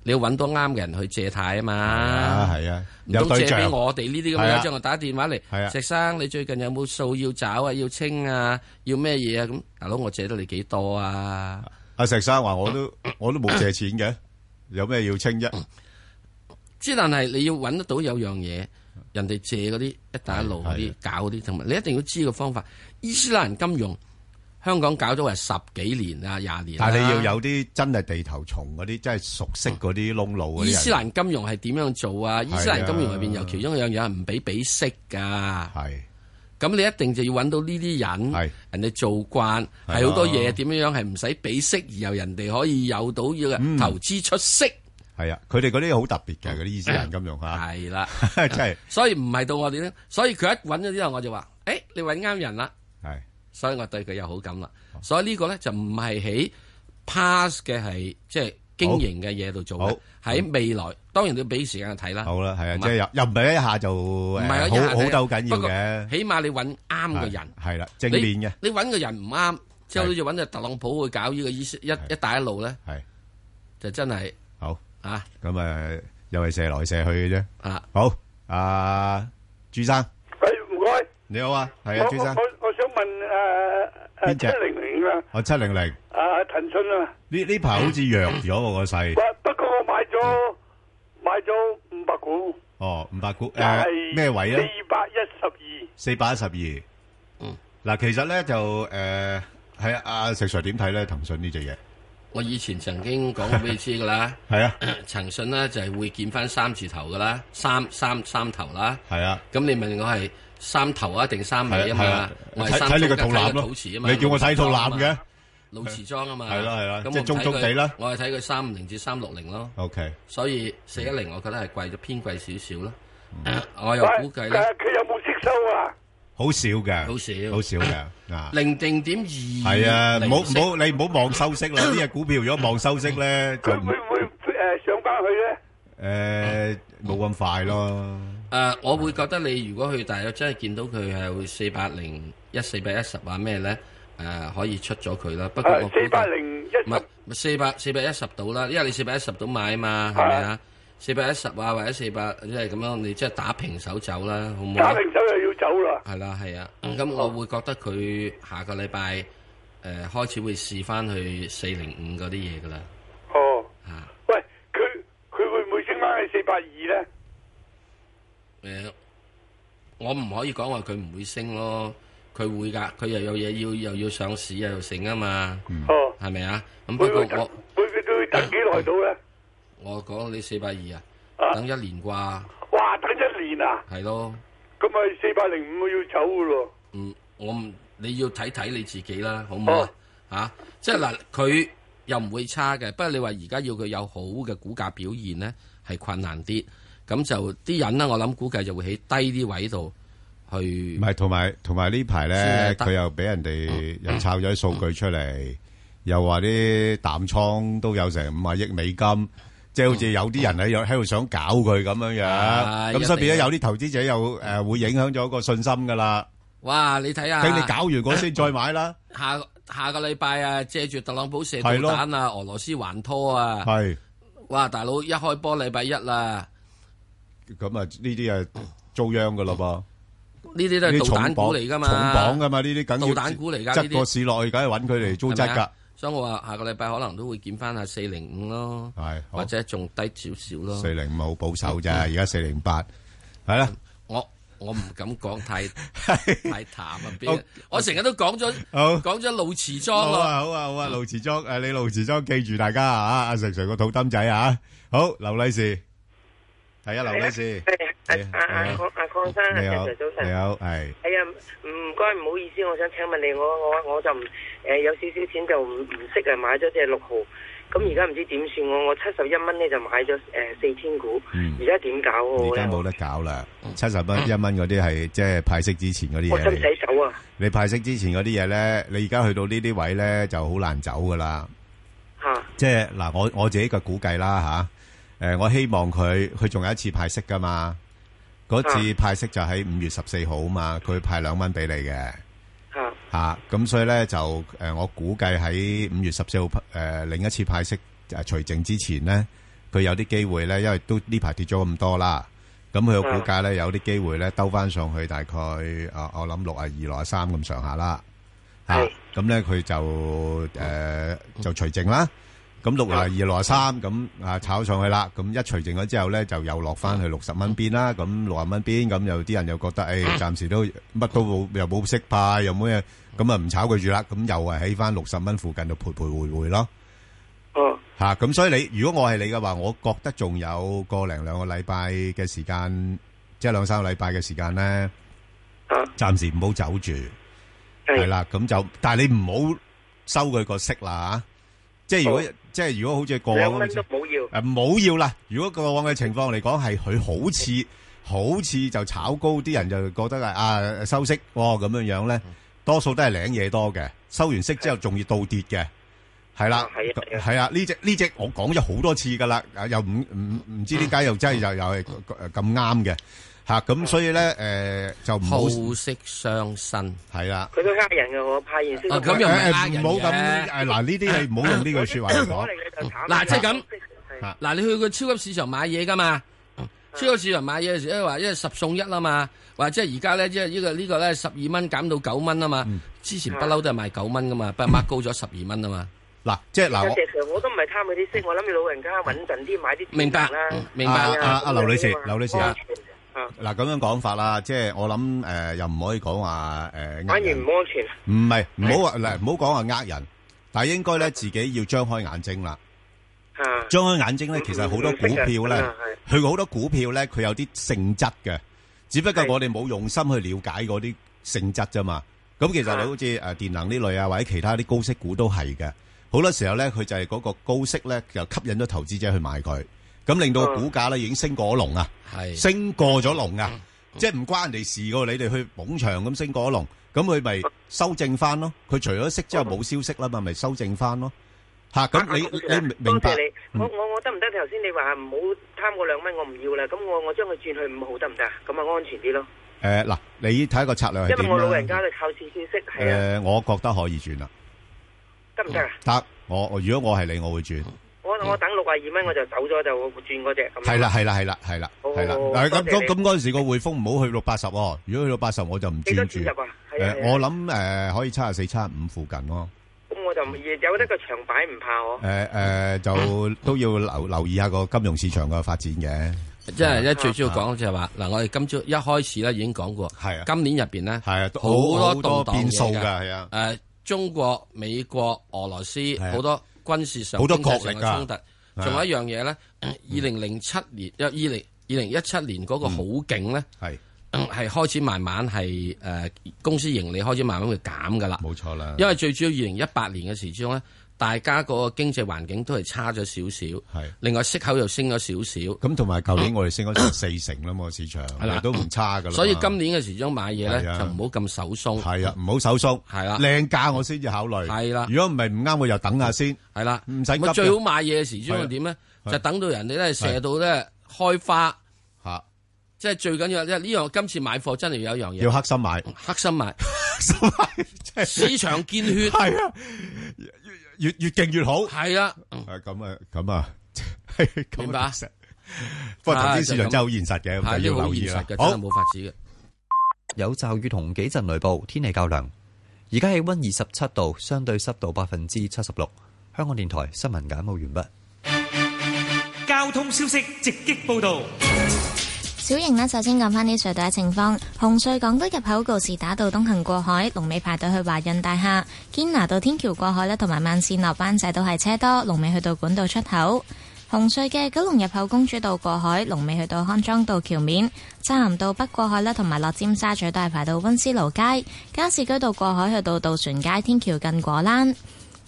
你要揾到啱嘅人去借貸啊嘛。啊，係啊，唔通借俾我哋呢啲咁嘅即將我打電話嚟？石生，你最近有冇數要找啊？要清啊？要咩嘢啊？咁大佬，我借得你幾多啊？阿石生話我都我都冇借錢嘅，有咩要清啫？之但係你要揾得到有樣嘢，人哋借嗰啲一帶一路嗰啲搞嗰啲，同埋你一定要知個方法，伊斯蘭金融。香港搞咗係十幾年啊，廿年。但係你要有啲真係地頭蟲嗰啲，真係熟悉嗰啲窿路。伊斯蘭金融係點樣做啊？伊斯蘭金融入邊有其中一樣嘢，唔俾俾息噶。係，咁你一定就要揾到呢啲人，係人哋做慣，係好多嘢點樣樣，係唔使俾息，而又人哋可以有到要投資出息。係啊，佢哋嗰啲好特別嘅，嗰啲伊斯蘭金融吓。係啦，即係，所以唔係到我哋咧，所以佢一揾咗之後，我就話，誒，你揾啱人啦。係。所以我對佢有好感啦。所以呢個咧就唔係喺 pass 嘅係即係經營嘅嘢度做好。喺未來，當然都要俾時間去睇啦。好啦，係啊，即係又又唔係一下就，唔係啊，好得好緊要嘅。起碼你揾啱個人係啦，正面嘅。你揾個人唔啱，之後好似揾個特朗普去搞呢個意思一，一帶一路咧，係就真係好啊。咁誒又係射來射去嘅啫。啊，好啊，朱生，唔該，你好啊，係啊，朱生。誒，邊隻七零零啊？我七零零。啊，騰訊啊。呢呢排好似弱咗喎，個勢。不過我買咗買咗五百股。哦，五百股誒，咩位啊？四百一十二。四百一十二。嗯，嗱，其實咧就誒，係啊，阿石 Sir 點睇咧騰訊呢隻嘢？我以前曾經講俾你知噶啦。係啊，騰訊咧就係會見翻三字頭噶啦，三三三頭啦。係啊。咁你問我係？三頭啊定三尾啊，睇睇你個肚腩咯。你叫我睇肚腩嘅，老瓷莊啊嘛。係啦係啦，咁即係中中地啦。我係睇佢三五零至三六零咯。OK，所以四一零我覺得係貴咗，偏貴少少咯。我又估計咧，佢有冇息收啊？好少嘅，好少，好少嘅啊。零定點二。係啊，唔好唔好，你唔好望收息啦。呢隻股票如果望收息咧，佢會唔會誒上翻去咧？誒，冇咁快咯。誒，uh, 我會覺得你如果去，大約真係見到佢係會四百零一、四百一十啊咩咧？誒、uh，可以出咗佢啦。不過四百零一唔係四百四百一十到啦？因為你四百一十到買啊嘛，係咪啊？四百一十啊，或者四百，即係咁樣，你即係打平手走啦，好唔好？打平手又要走啦？係啦，係啊。咁、嗯、我會覺得佢下個禮拜誒、呃、開始會試翻去四零五嗰啲嘢㗎啦。哦、uh，嚇！喂，佢佢會唔會升翻去四百二咧？誒、呃，我唔可以講話佢唔會升咯，佢會㗎，佢又有嘢要又要上市又成啊嘛，係咪、嗯、啊？咁、嗯、不，不過我，佢佢佢等幾耐到咧？我講你四百二啊，啊等一年啩？哇，等一年啊？係咯，咁咪四百零五要走㗎咯？嗯，我唔，你要睇睇你自己啦，好唔好啊？吓、啊，即係嗱，佢、呃、又唔會差嘅，不過你話而家要佢有好嘅股價表現咧，係困難啲。咁就啲人咧，我諗估計就會喺低啲位度去。唔係，同埋同埋呢排咧，佢又俾人哋又抄咗啲數據出嚟，又話啲淡倉都有成五啊億美金，即係好似有啲人喺有喺度想搞佢咁樣樣。咁所以變咗有啲投資者又誒會影響咗個信心噶啦。哇！你睇下，等你搞完嗰先再買啦。下下個禮拜啊，借住特朗普射導彈啊，俄羅斯還拖啊，係哇，大佬一開波禮拜一啦。咁啊，呢啲啊遭殃噶咯噃，呢啲都係導彈股嚟噶嘛，重磅噶嘛，呢啲梗係蝕，執個市落去梗係揾佢嚟租質噶。所以我話下個禮拜可能都會檢翻下四零五咯，或者仲低少少咯。四零五好保守咋，而家四零八係啦。我我唔敢講太太淡啊，邊？我成日都講咗，講咗盧慈莊咯。好啊好啊好啊，盧慈莊誒，你盧慈莊記住大家啊，阿常常個肚墩仔啊，好劉麗士。係啊，劉女士，係阿阿阿阿鄺生，早晨，你好，係，係啊，唔該，唔好意思，我想請問你，我我我就唔誒、呃、有少少錢就唔唔識啊，買咗隻六號，咁而家唔知點算我，我七十一蚊咧就買咗誒四千股，而家點搞？而家冇得搞啦，七十蚊一蚊嗰啲係即係派息之前嗰啲嘢。真洗手啊！你派息之前嗰啲嘢咧，你而家去到呢啲位咧就好難走噶、啊、啦，即係嗱，我我自己嘅估計啦吓。啊誒、呃，我希望佢佢仲有一次派息噶嘛？嗰、啊、次派息就喺五月十四號啊嘛，佢派兩蚊俾你嘅吓，咁、啊啊、所以咧就誒、呃，我估計喺五月十四號誒，另一次派息誒、啊、除淨之前咧，佢有啲機會咧，因為都呢排跌咗咁多啦，咁佢嘅估計咧有啲機會咧兜翻上去大概誒、呃，我諗六啊二六啊三咁上下啦吓，咁咧佢就誒、呃、就除淨啦。咁六啊二六啊三咁啊炒上去啦，咁一除淨咗之後咧，就又落翻去六十蚊邊啦。咁六十蚊邊咁有啲人又覺得誒，暫時都乜都冇，又冇息派，又冇咩，咁啊唔炒佢住啦。咁又係喺翻六十蚊附近度徘徊徘徊咯。哦，吓，咁所以你如果我係你嘅話，我覺得仲有個零兩個禮拜嘅時間，即係兩三個禮拜嘅時間咧，暫時唔好走住係啦。咁就但係你唔好收佢個息啦吓，即係如果。即係如果好似過往咁，誒冇要啦，呃。如果過往嘅情況嚟講，係佢好似好似就炒高啲人就覺得係啊收息喎咁，oh, 樣樣咧，多數都係領嘢多嘅。收完息之後仲要倒跌嘅，係啦，係啊，係啊呢隻呢隻我講咗好多次噶啦，又唔唔唔知點解又真係又 又係咁啱嘅。吓，咁所以咧，誒就冇色傷身係啦。佢都呃人嘅，我派完先，咁又係呃人嘅。唔好咁誒，嗱呢啲係唔好用呢句說話嚟講。嗱即係咁，嗱你去個超級市場買嘢噶嘛？超級市場買嘢嘅時因為話因為十送一啦嘛，或者係而家咧，即係呢個呢個咧，十二蚊減到九蚊啊嘛。之前不嬲都係賣九蚊噶嘛，不係抹高咗十二蚊啊嘛。嗱即係嗱，我其實我都唔係貪佢啲息，我諗你老人家穩陣啲買啲。明白啦，明白啊，阿劉女士，劉女士啊。嗱咁樣講法啦，即係我諗誒，又唔可以講話誒，反而唔安全。唔係唔好話，嗱唔好講話呃人，但係應該咧自己要張開眼睛啦。嗯。張開眼睛咧，其實好多股票咧，佢好多股票咧，佢有啲性質嘅，只不過我哋冇用心去了解嗰啲性質啫嘛。咁其實你好似誒電能呢類啊，或者其他啲高息股都係嘅。好多時候咧，佢就係嗰個高息咧，就吸引咗投資者去買佢。咁令到股價啦已經升過咗龍啊，升過咗龍啊，即係唔關人哋事噶，你哋去捧場咁升過咗龍，咁佢咪修正翻咯？佢除咗息之後冇消息啦嘛，咪修正翻咯？吓，咁你你明白你我我我得唔得？頭先你話唔好貪嗰兩蚊，我唔要啦，咁我我將佢轉去五毫得唔得啊？咁啊安全啲咯。誒，嗱，你睇個策略係點啊？因為我老人家咧靠次息息，係啊，我覺得可以轉啦，得唔得啊？得，我如果我係你，我會轉。我我等六啊二蚊我就走咗就轉嗰隻，係啦係啦係啦係啦，係啦嗱咁咁嗰陣時個匯豐唔好去六八十，如果去六八十我就唔轉。誒，我諗誒可以七啊四七啊五附近咯。咁我就有得個長擺唔怕哦。誒誒，就都要留留意下個金融市場嘅發展嘅。即係一最主要講就係話嗱，我哋今朝一開始咧已經講過，係啊，今年入邊咧，係啊，好多變數噶，係啊，誒，中國、美國、俄羅斯好多。軍事上好多國力衝突。仲的有一樣嘢咧。二零零七年一二零二零一七年嗰個好景咧，係的 開始慢慢係誒、uh, 公司盈利開始慢慢會減噶啦。冇錯啦，因為最主要二零一八年嘅時鐘咧。大家個經濟環境都係差咗少少，另外息口又升咗少少。咁同埋舊年我哋升咗成四成啦嘛，市場係啦，都唔差噶啦。所以今年嘅時鐘買嘢咧，就唔好咁手鬆。係啊，唔好手鬆。係啦，靚價我先至考慮。係啦，如果唔係唔啱，我又等下先。係啦，唔使急。最好買嘢嘅時鐘係點咧？就等到人哋咧射到咧開花，即係最緊要。因為呢樣今次買貨真係有樣嘢，要黑心買，黑心買，黑心買，市場見血。係啊。越越勁越好，係啊，誒咁啊咁啊，明白啊。不過投資市場真係好現實嘅，真係冇法子嘅。好，有驟雨同幾陣雷暴，天氣較涼。而家氣温二十七度，相對濕度百分之七十六。香港電台新聞簡報完畢。交通消息直擊報道。小瑩呢，首先講返啲隧道嘅情況。紅隧港島入口告士打道東行過海，龍尾排隊去華潤大廈；堅拿道天橋過海咧，同埋慢線落班仔都係車多。龍尾去到管道出口。紅隧嘅九龍入口公主道過海，龍尾去到康莊道橋面。漆咸道北過海咧，同埋落尖沙咀都係排到溫思勞街。加士居道過海去到渡船街天橋近果欄。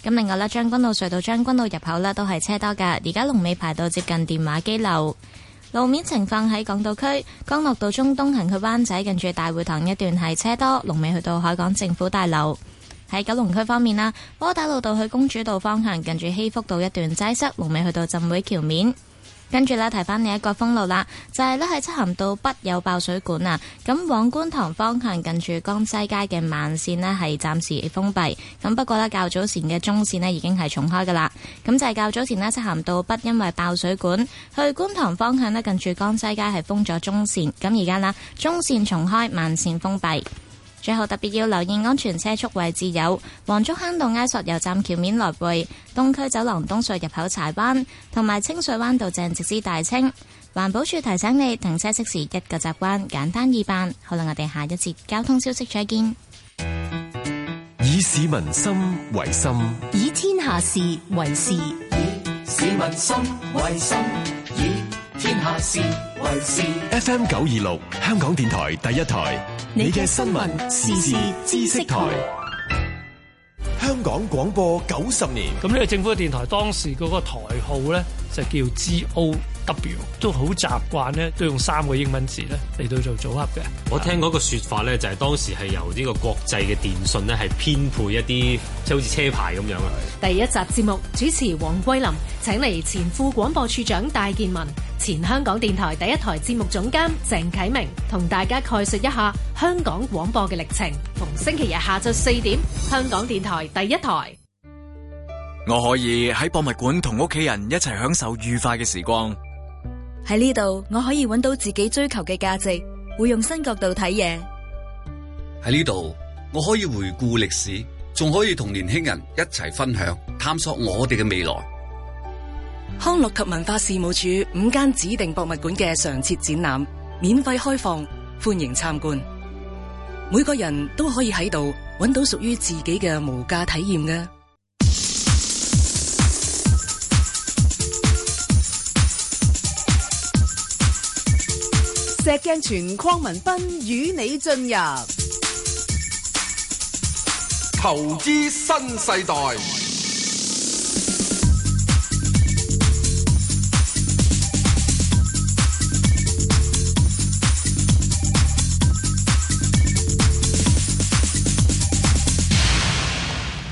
咁另外呢，將軍澳隧道將軍澳入口呢都係車多噶，而家龍尾排到接近電話機樓。路面情況喺港島區，干諾道中東行去灣仔，近住大會堂一段係車多，龍尾去到海港政府大樓。喺九龍區方面啦，窩打老道去公主道方向，近住禧福道一段擠塞，龍尾去到浸會橋面。跟住咧，提翻另一個封路啦，就係咧喺漆咸道北有爆水管啊，咁往觀塘方向近住江西街嘅慢線咧係暫時封閉，咁不過呢，較早前嘅中線呢，已經係重開噶啦，咁就係、是、較早前呢，漆咸道北因為爆水管，去觀塘方向呢，近住江西街係封咗中線，咁而家啦，中線重開，慢線封閉。最後特別要留意安全車速位置，有黃竹坑道埃索油站橋面來回、東區走廊東隧入口柴灣、同埋清水灣道鄭直至大清。環保署提醒你停車熄匙一個習慣，簡單易辦。好啦，我哋下一節交通消息再見。以市民心為心，以天下事為事，以市民心為心。天下事，為事。F M 九二六，香港電台第一台。你嘅新聞、時事、知識台。香港廣播九十年，咁呢個政府嘅電台當時嗰個台號咧，就叫 G O W，都好習慣咧，都用三個英文字咧嚟到做組合嘅。我聽講個說法咧，就係、是、當時係由呢個國際嘅電訊咧，係編配一啲，即、就、係、是、好似車牌咁樣啊。第一集節目主持黃桂林，請嚟前副廣播處長戴建文。前香港電台第一台節目總監鄭啟明同大家概述一下香港廣播嘅歷程。逢星期日下晝四點，香港電台第一台。我可以喺博物館同屋企人一齊享受愉快嘅時光。喺呢度，我可以揾到自己追求嘅價值，會用新角度睇嘢。喺呢度，我可以回顧歷史，仲可以同年輕人一齊分享探索我哋嘅未來。康樂及文化事務處五間指定博物館嘅常設展覽免費開放，歡迎參觀。每個人都可以喺度揾到屬於自己嘅無價體驗嘅。石鏡泉鄺民彬與你進入投資新世代。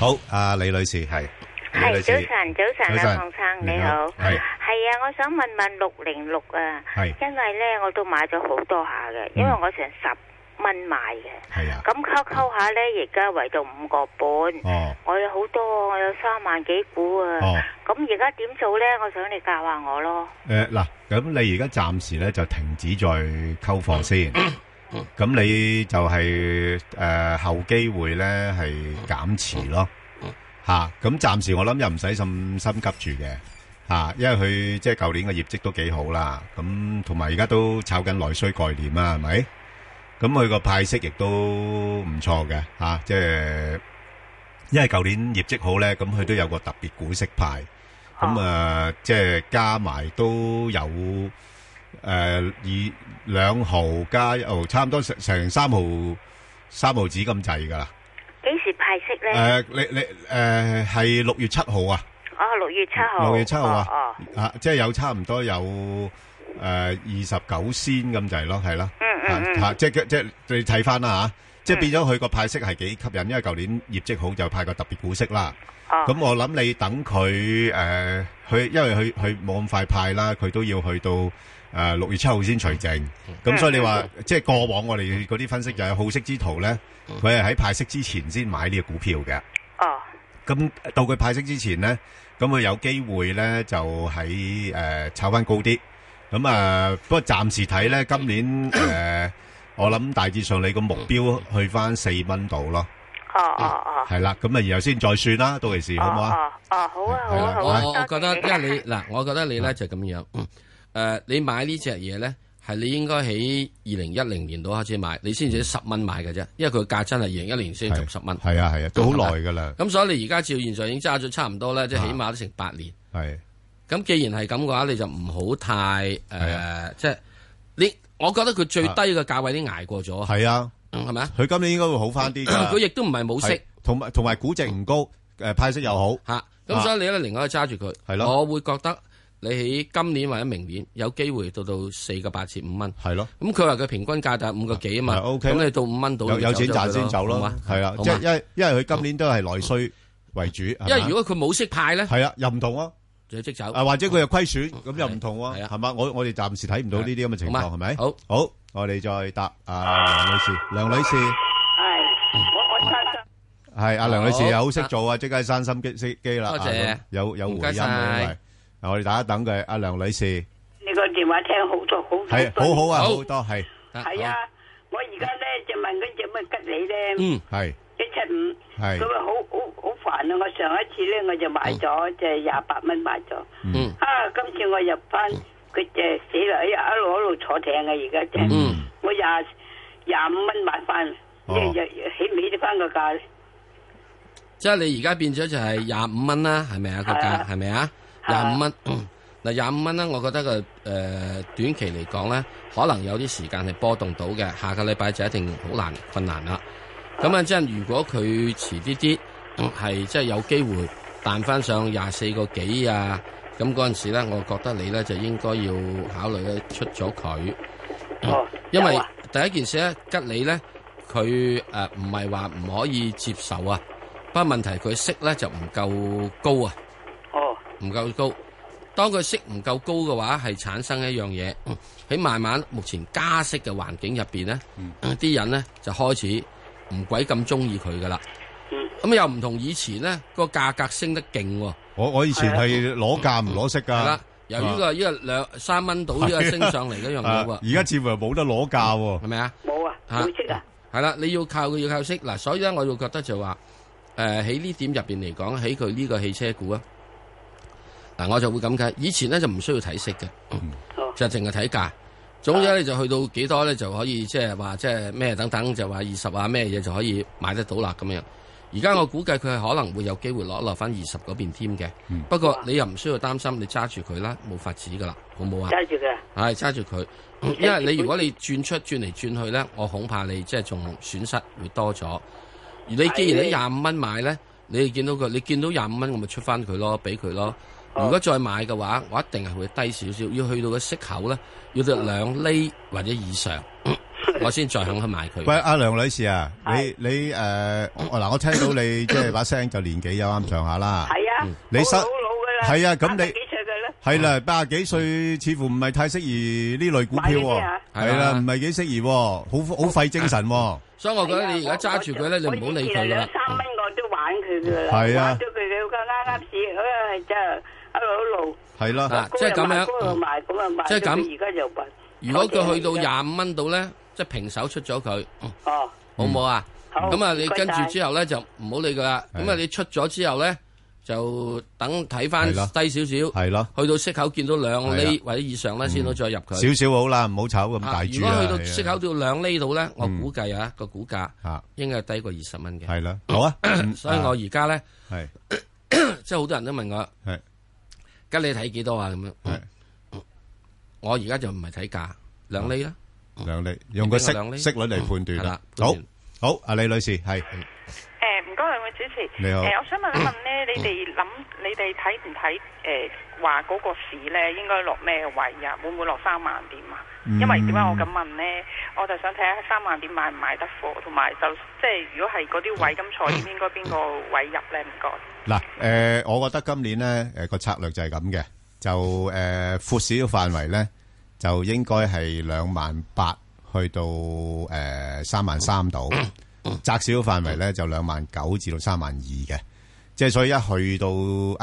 好，阿李女士係，係早晨，早晨啊，鄺生，你好，係係啊，我想問問六零六啊，係，因為咧我都買咗好多下嘅，因為我成十蚊買嘅，係啊，咁溝溝下咧，而家圍到五個半，哦，我有好多，我有三萬幾股啊，咁而家點做咧？我想你教下我咯。誒，嗱，咁你而家暫時咧就停止再溝貨先。咁你就係誒後機會咧係，減持咯。吓，咁暫時我諗又唔使咁心急住嘅。吓，因為佢即係舊年嘅業績都幾好啦，咁同埋而家都炒緊內需概念啊，係咪？咁佢個派息亦都唔錯嘅。吓，即係因為舊年業績好咧，咁佢都有個特別股息派，咁啊即係加埋都有。誒、呃，二兩毫加一毫，差唔多成成三毫三毫紙咁滯噶啦。幾時派息咧？誒、呃，你你誒係六月七號啊？哦，六月七號，六月七號啊？哦哦、啊，即係有差唔多有誒二十九仙咁滯咯，係、呃、咯、嗯，嗯嗯，吓即係即係你睇翻啦吓，即係、啊、變咗佢個派息係幾吸引，因為舊年業績好就派個特別股息啦。哦，咁、嗯、我諗你等佢誒，佢、呃，因為佢佢冇咁快派啦，佢都要去到。誒，六月七號先除淨，咁所以你話即係過往我哋嗰啲分析就係好息之徒咧，佢係喺派息之前先買呢個股票嘅。哦，咁到佢派息之前咧，咁佢有機會咧就喺誒炒翻高啲。咁啊，不過暫時睇咧，今年誒，我諗大致上你個目標去翻四蚊度咯。哦哦哦，係啦，咁啊，然後先再算啦，到時好唔好啊？哦，好啊，好啊，我我覺得，因為你嗱，我覺得你咧就咁樣。誒，你買呢隻嘢咧，係你應該喺二零一零年度開始買，你先至十蚊買嘅啫，因為佢價真係二零一零先值十蚊。係啊係啊，都好耐噶啦。咁所以你而家照現上已經揸咗差唔多咧，即係起碼都成八年。係，咁既然係咁嘅話，你就唔好太誒，即係你，我覺得佢最低嘅價位都挨過咗。係啊，係咪佢今年應該會好翻啲？佢亦都唔係冇息，同埋同埋估值唔高，誒派息又好。吓，咁所以你一零可以揸住佢。係咯，我會覺得。你喺今年或者明年有機會到到四個八至五蚊，係咯。咁佢話佢平均價就係五個幾啊嘛。咁你到五蚊到有錢賺先走咯，係啊，即係因為因為佢今年都係內需為主。因為如果佢冇息派咧，係啊，又唔同啊，有息走啊，或者佢又虧損，咁又唔同啊，係嘛？我我哋暫時睇唔到呢啲咁嘅情況，係咪？好，好，我哋再答啊，梁女士，梁女士，係，我我係山山，係阿梁女士又好識做啊，即刻山心機機啦，多謝，有有回音。我哋打一等佢，阿梁女士，你個電話聽好咗好多，係好好啊，好多係係啊，我而家咧就問緊隻咩吉利咧，嗯係一七五，係咁啊，好好好煩啊！我上一次咧我就買咗就係廿八蚊買咗，嗯啊今次我入翻佢就死啦，哎呀一路一路坐艇嘅而家，嗯我廿廿五蚊買翻，即係又起未得翻個價，即係你而家變咗就係廿五蚊啦，係咪啊，個價係咪啊？廿五蚊，嗱廿五蚊咧，啊嗯、我覺得個誒、呃、短期嚟講咧，可能有啲時間係波動到嘅。下個禮拜就一定好難困難啦。咁啊，即係如果佢遲啲啲，係、啊、即係有機會彈翻上廿四個幾啊。咁嗰陣時咧，我覺得你咧就應該要考慮咧出咗佢。啊、因為第一件事咧，吉利咧，佢誒唔係話唔可以接受啊，不過問題佢息咧就唔夠高啊。唔夠高，當佢息唔夠高嘅話，係產生一樣嘢，喺慢慢目前加息嘅環境入邊咧，啲人咧就開始唔鬼咁中意佢噶啦。咁又唔同以前咧，個價格升得勁。我我以前係攞價唔攞息噶。係啦，由於個依個兩三蚊到依個升上嚟嗰樣嘢喎。而家似乎冇得攞價喎，係咪啊？冇啊，冇息啊。係啦，你要靠佢要靠息嗱，所以咧我就覺得就話，誒喺呢點入邊嚟講，喺佢呢個汽車股啊。嗱，我就會咁解。以前咧就唔需要睇息嘅，嗯、就淨係睇價。嗯、總之咧就去到幾多咧就可以即係話即係咩等等就話二十啊咩嘢就可以買得到啦咁樣。而家我估計佢係可能會有機會攞落翻二十嗰邊添嘅。嗯、不過你又唔需要擔心，你揸住佢啦，冇法子噶啦，好唔好啊？揸住佢，係揸住佢，因為你如果你轉出轉嚟轉去咧，我恐怕你即係仲損失會多咗。而你既然你廿五蚊買咧，你見到佢，你見到廿五蚊，我咪出翻佢咯，俾佢咯。如果再買嘅話，我一定係會低少少，要去到個息口咧，要到兩厘或者以上，我先再肯去買佢。喂，阿梁女士啊，你你、誒嗱，我聽到你即係把聲就年紀有啱上下啦。係啊，你新係啊，咁你係啦，八十幾歲似乎唔係太適宜呢類股票喎。係啦，唔係幾適宜，好好費精神。所以我覺得你而家揸住佢咧，你唔好理佢啦。三蚊我都玩佢噶啦，玩咗佢個啱啱市，唉真係～一路係啦，即係咁樣，即係咁。而家就云。如果佢去到廿五蚊度咧，即係平手出咗佢，哦，好唔好啊？好，咁啊，你跟住之後咧就唔好理佢啦。咁啊，你出咗之後咧，就等睇翻低少少，係咯，去到息口見到兩厘或者以上咧，先都再入佢。少少好啦，唔好炒咁大。如果去到息口到兩厘度咧，我估計啊，個股價應該係低過二十蚊嘅。係啦，好啊，所以我而家咧，係即係好多人都問我係。而家你睇幾多啊？咁、嗯、樣，是我而家就唔係睇價，兩厘啦、嗯，兩厘，用個息息率嚟判斷啦、啊。好，好，阿李女士，係。嗯兩位主持，誒，嗯、我想問一問咧，你哋諗，你哋睇唔睇誒話嗰個市咧，應該落咩位啊？會唔會落三萬點啊？因為點解我咁問咧？我就想睇下三萬點買唔買得貨，同埋就即係如果係嗰啲位咁錯，應唔應該邊個位入咧？唔該。嗱，誒、呃，我覺得今年咧，誒、呃、個策略就係咁嘅，就誒、呃、闊市嘅範圍咧，就應該係兩萬八去到誒三萬三度。呃 33, 窄小範圍咧就兩萬九至到三萬二嘅，即係所以一去到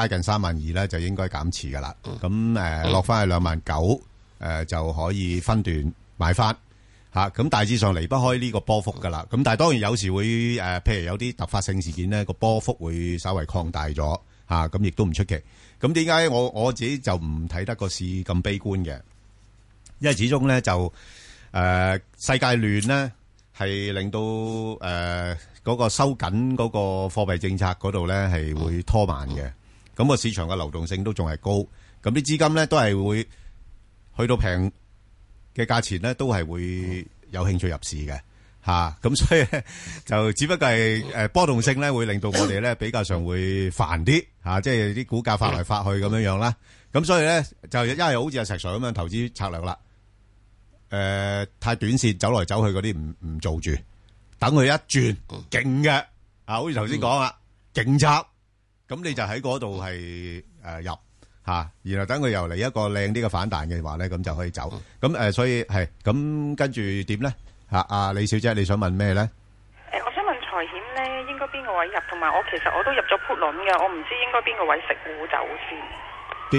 挨近三萬二咧就應該減持噶啦。咁誒、嗯呃、落翻去兩萬九誒就可以分段買翻吓。咁、啊、大致上離不開呢個波幅噶啦。咁但係當然有時會誒、呃，譬如有啲突發性事件咧個波幅會稍微擴大咗吓，咁亦都唔出奇。咁點解我我自己就唔睇得個市咁悲觀嘅？因為始終咧就誒、呃、世界亂咧。係令到誒嗰個收緊嗰個貨幣政策嗰度咧，係會拖慢嘅，咁個市場嘅流動性都仲係高，咁啲資金咧都係會去到平嘅價錢咧，都係會有興趣入市嘅吓，咁所以咧就只不過係誒波動性咧會令到我哋咧比較上會煩啲吓，即係啲股價發來發去咁樣樣啦，咁所以咧就一係好似阿石 Sir 咁樣投資策略啦。誒、呃，太短線走來走去嗰啲唔唔做住，等佢一轉勁嘅啊，好似頭先講啊，勁測，咁、嗯、你就喺嗰度係誒入吓、啊，然後等佢又嚟一個靚啲嘅反彈嘅話咧，咁就可以走。咁誒、嗯啊，所以係咁跟住點咧？吓、啊，阿李小姐你想問咩咧？誒、呃，我想問財險咧，應該邊個位入？同埋我其實我都入咗 put 輪嘅，我唔知應該邊個位食糊走先。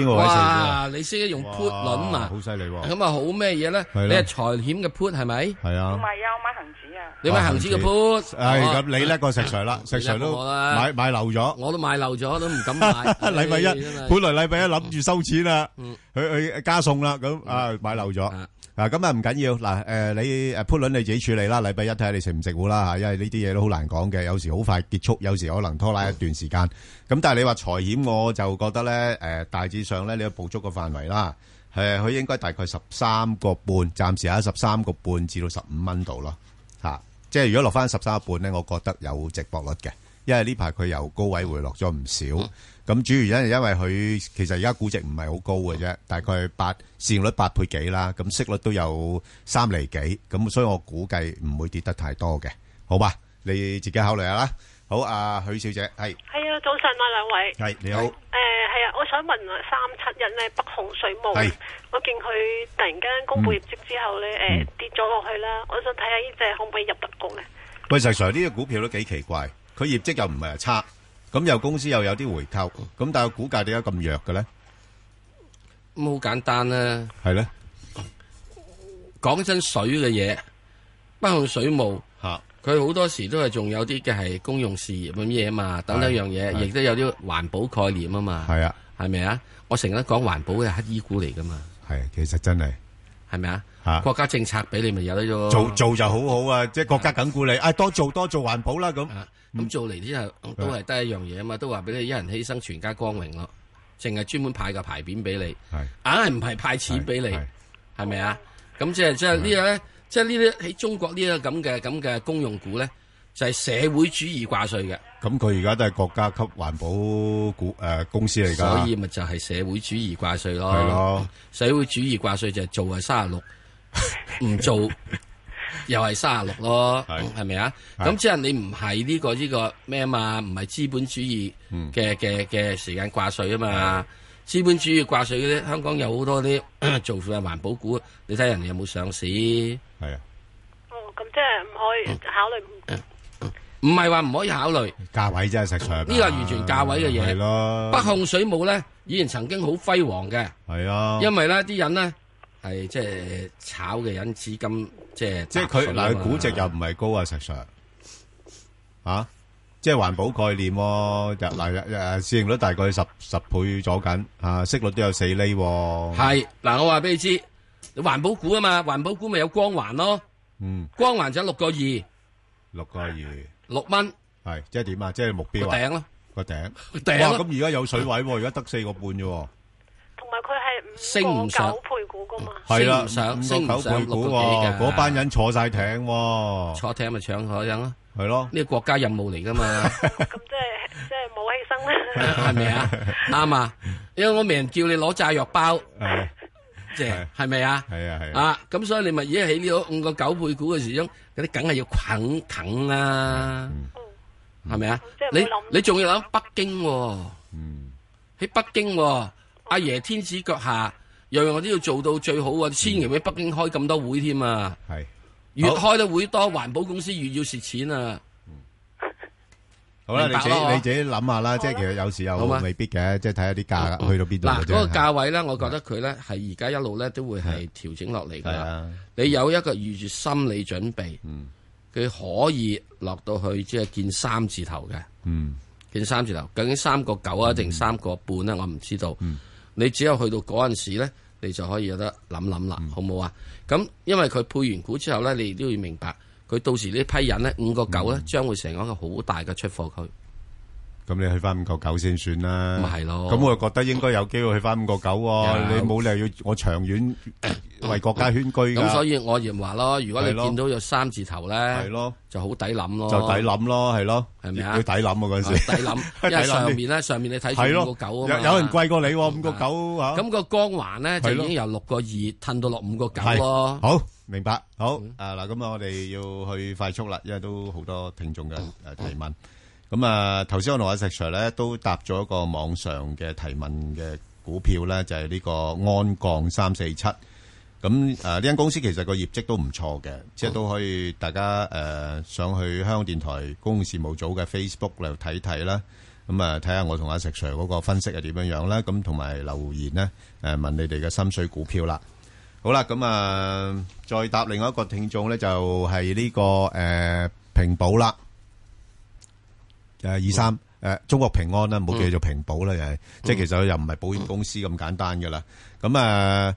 哇！你識得用 put 輪啊，好犀利喎！咁啊，好咩嘢咧？你係財險嘅 put 係咪？係啊，唔係啊，我買恒指啊，你買恒指嘅 put，係咁你叻過石祥啦，石 Sir 都買買漏咗，我都買漏咗，都唔敢買。禮拜一本來禮拜一諗住收錢啦，去去加餸啦，咁啊買漏咗。嗱，咁啊唔緊要，嗱，誒、呃，你誒 put 輪你自己處理啦，禮拜一睇下你食唔食糊啦吓，因為呢啲嘢都好難講嘅，有時好快結束，有時可能拖拉一段時間。咁但係你話財險，我就覺得咧，誒、呃，大致上咧，你都捕捉個範圍啦，誒、呃，佢應該大概十三個半，暫時係十三個半至到十五蚊度咯，吓，即係如果落翻十三個半咧，我覺得有值搏率嘅，因為呢排佢由高位回落咗唔少。嗯咁主要原因係因為佢其實而家估值，唔係好高嘅啫，大概八市盈率八倍幾啦，咁息率都有三厘幾，咁所以我估計唔會跌得太多嘅。好吧，你自己考慮下啦。好，阿許小姐，係係啊，早晨啊，兩位係你好，誒係啊，我想問三七一咧，北控水務，我見佢突然間公布業績之後咧，誒跌咗落去啦，我想睇下呢隻可唔可以入得局咧？喂，石 Sir，呢隻股票都幾奇怪，佢業績又唔係差。咁又公司又有啲回扣，咁但係股價點解咁弱嘅咧？咁好簡單啦，係咧，講真水嘅嘢，包括水務，吓，佢好多時都係仲有啲嘅係公用事業咁嘢啊嘛，等等樣嘢，亦都有啲環保概念啊嘛，係啊，係咪啊？我成日講環保嘅乞衣股嚟噶嘛，係，其實真係，係咪啊？吓，國家政策俾你咪有得做，做做就好好啊，即係國家緊顧你，啊多做多做環保啦咁。咁、嗯、做嚟之後都係得一樣嘢啊嘛，都話俾你一人犧牲全家光榮咯，淨係專門派個牌匾俾你，硬係唔係派錢俾你，係咪啊？咁吧、哦、即係即係呢個咧，即係呢啲喺中國呢個咁嘅咁嘅公用股咧，就係、是、社會主義掛帥嘅。咁佢而家都係國家級環保股誒、呃、公司嚟㗎，所以咪就係社會主義掛帥咯。的 社會主義掛帥就係做係卅六，唔做。 又係卅六咯，係咪的啊？咁是的 即係你唔係呢個呢個咩啊嘛？唔係資本主義嘅嘅嘅時間掛稅啊嘛？資是的 本主義掛稅嗰啲，香港有好多啲做富環保股，你睇人哋有冇上市？係啊。哦，咁即係唔可以考慮？唔係話唔可以考慮，價位真啫，實在呢個完全價位嘅嘢咯。北控水務咧，以前曾經好輝煌嘅，係啊的，因為咧啲人咧。係即係炒嘅人，資金即係即係佢嗱，佢估值又唔係高啊，實在嚇，即係環保概念喎。日嗱誒市盈率大概十十倍左緊嚇，息率都有四厘。係嗱，我話俾你知，環保股啊嘛，環保股咪有光環咯。嗯，光環就六個二，六個二，六蚊。係即係點啊？即係目標個頂咯，個頂。哇！咁而家有水位喎，而家得四個半啫喎。升唔上配股噶嘛？係啦，升唔上配股喎，嗰班人坐晒艇，坐艇咪搶嗰啲人咯，係咯。呢個國家任務嚟噶嘛？咁即係即係冇犧牲啦。係咪啊？啱啊！因為我命人叫你攞炸藥包，即係係咪啊？係啊係啊。啊，咁所以你咪而家喺呢個五個九配股嘅時中，嗰啲梗係要啃啃啦，係咪啊？你你仲要諗北京喎？喺北京喎。阿爺天子腳下，樣樣我都要做到最好啊！千祈喺北京開咁多會添啊！係越開得會多，環保公司越要蝕錢啊！好啦，你自己你自己諗下啦，即係其實有時候未必嘅，即係睇下啲價格去到邊度嗱。嗰個價位咧，我覺得佢咧係而家一路咧都會係調整落嚟噶。你有一個預住心理準備，佢可以落到去即係見三字頭嘅，見三字頭究竟三個九啊定三個半咧？我唔知道。你只有去到嗰陣時呢，你就可以有得諗諗啦，好唔好啊？嗯，咁因為佢配完股之後呢，你都要明白，佢到時呢批人呢，五個九呢，將會成為一個好大嘅出貨區。咁你去翻五個九先算啦，咁咪係咯。咁我覺得應該有機會去翻五個九。你冇理由要我長遠為國家圈居。咁所以我言話咯，如果你見到有三字頭咧，就好抵諗咯，就抵諗咯，係咯，係咪啊？要抵諗啊！嗰陣時，抵諗，因為上面咧，上面你睇住五個九啊嘛。有有人貴過你五個九嚇。咁個光環咧就已經由六個二褪到落五個九咯。好，明白。好啊嗱，咁啊，我哋要去快速啦，因為都好多聽眾嘅誒提問。咁啊，頭先我同阿石 Sir 咧都答咗一個網上嘅提問嘅股票咧，就係呢個鞍鋼三四七。咁啊，呢間公司其實個業績都唔錯嘅，即係都可以大家誒上去香港電台公共事務組嘅 Facebook 嚟睇睇啦。咁啊，睇下我同阿石 Sir 嗰個分析係點樣樣啦。咁同埋留言咧，誒問你哋嘅心水股票啦。好啦，咁啊，再答另外一個聽眾咧，就係呢個誒平保啦。誒，二三誒，中國平安咧，唔好叫做平保啦，又係即係，其實又唔係保險公司咁簡單噶啦。咁啊，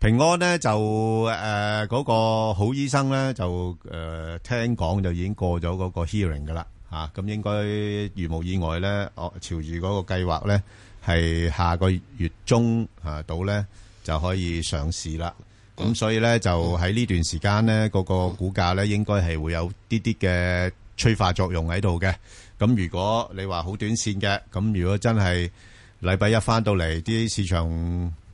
平安咧就誒嗰個好醫生咧就誒聽講就已經過咗嗰個 hearing 噶啦吓，咁應該如無意外咧，我朝住嗰個計劃咧係下個月中吓到咧就可以上市啦。咁所以咧就喺呢段時間咧，嗰個股價咧應該係會有啲啲嘅催化作用喺度嘅。咁如果你話好短線嘅，咁如果真係禮拜一翻到嚟，啲市場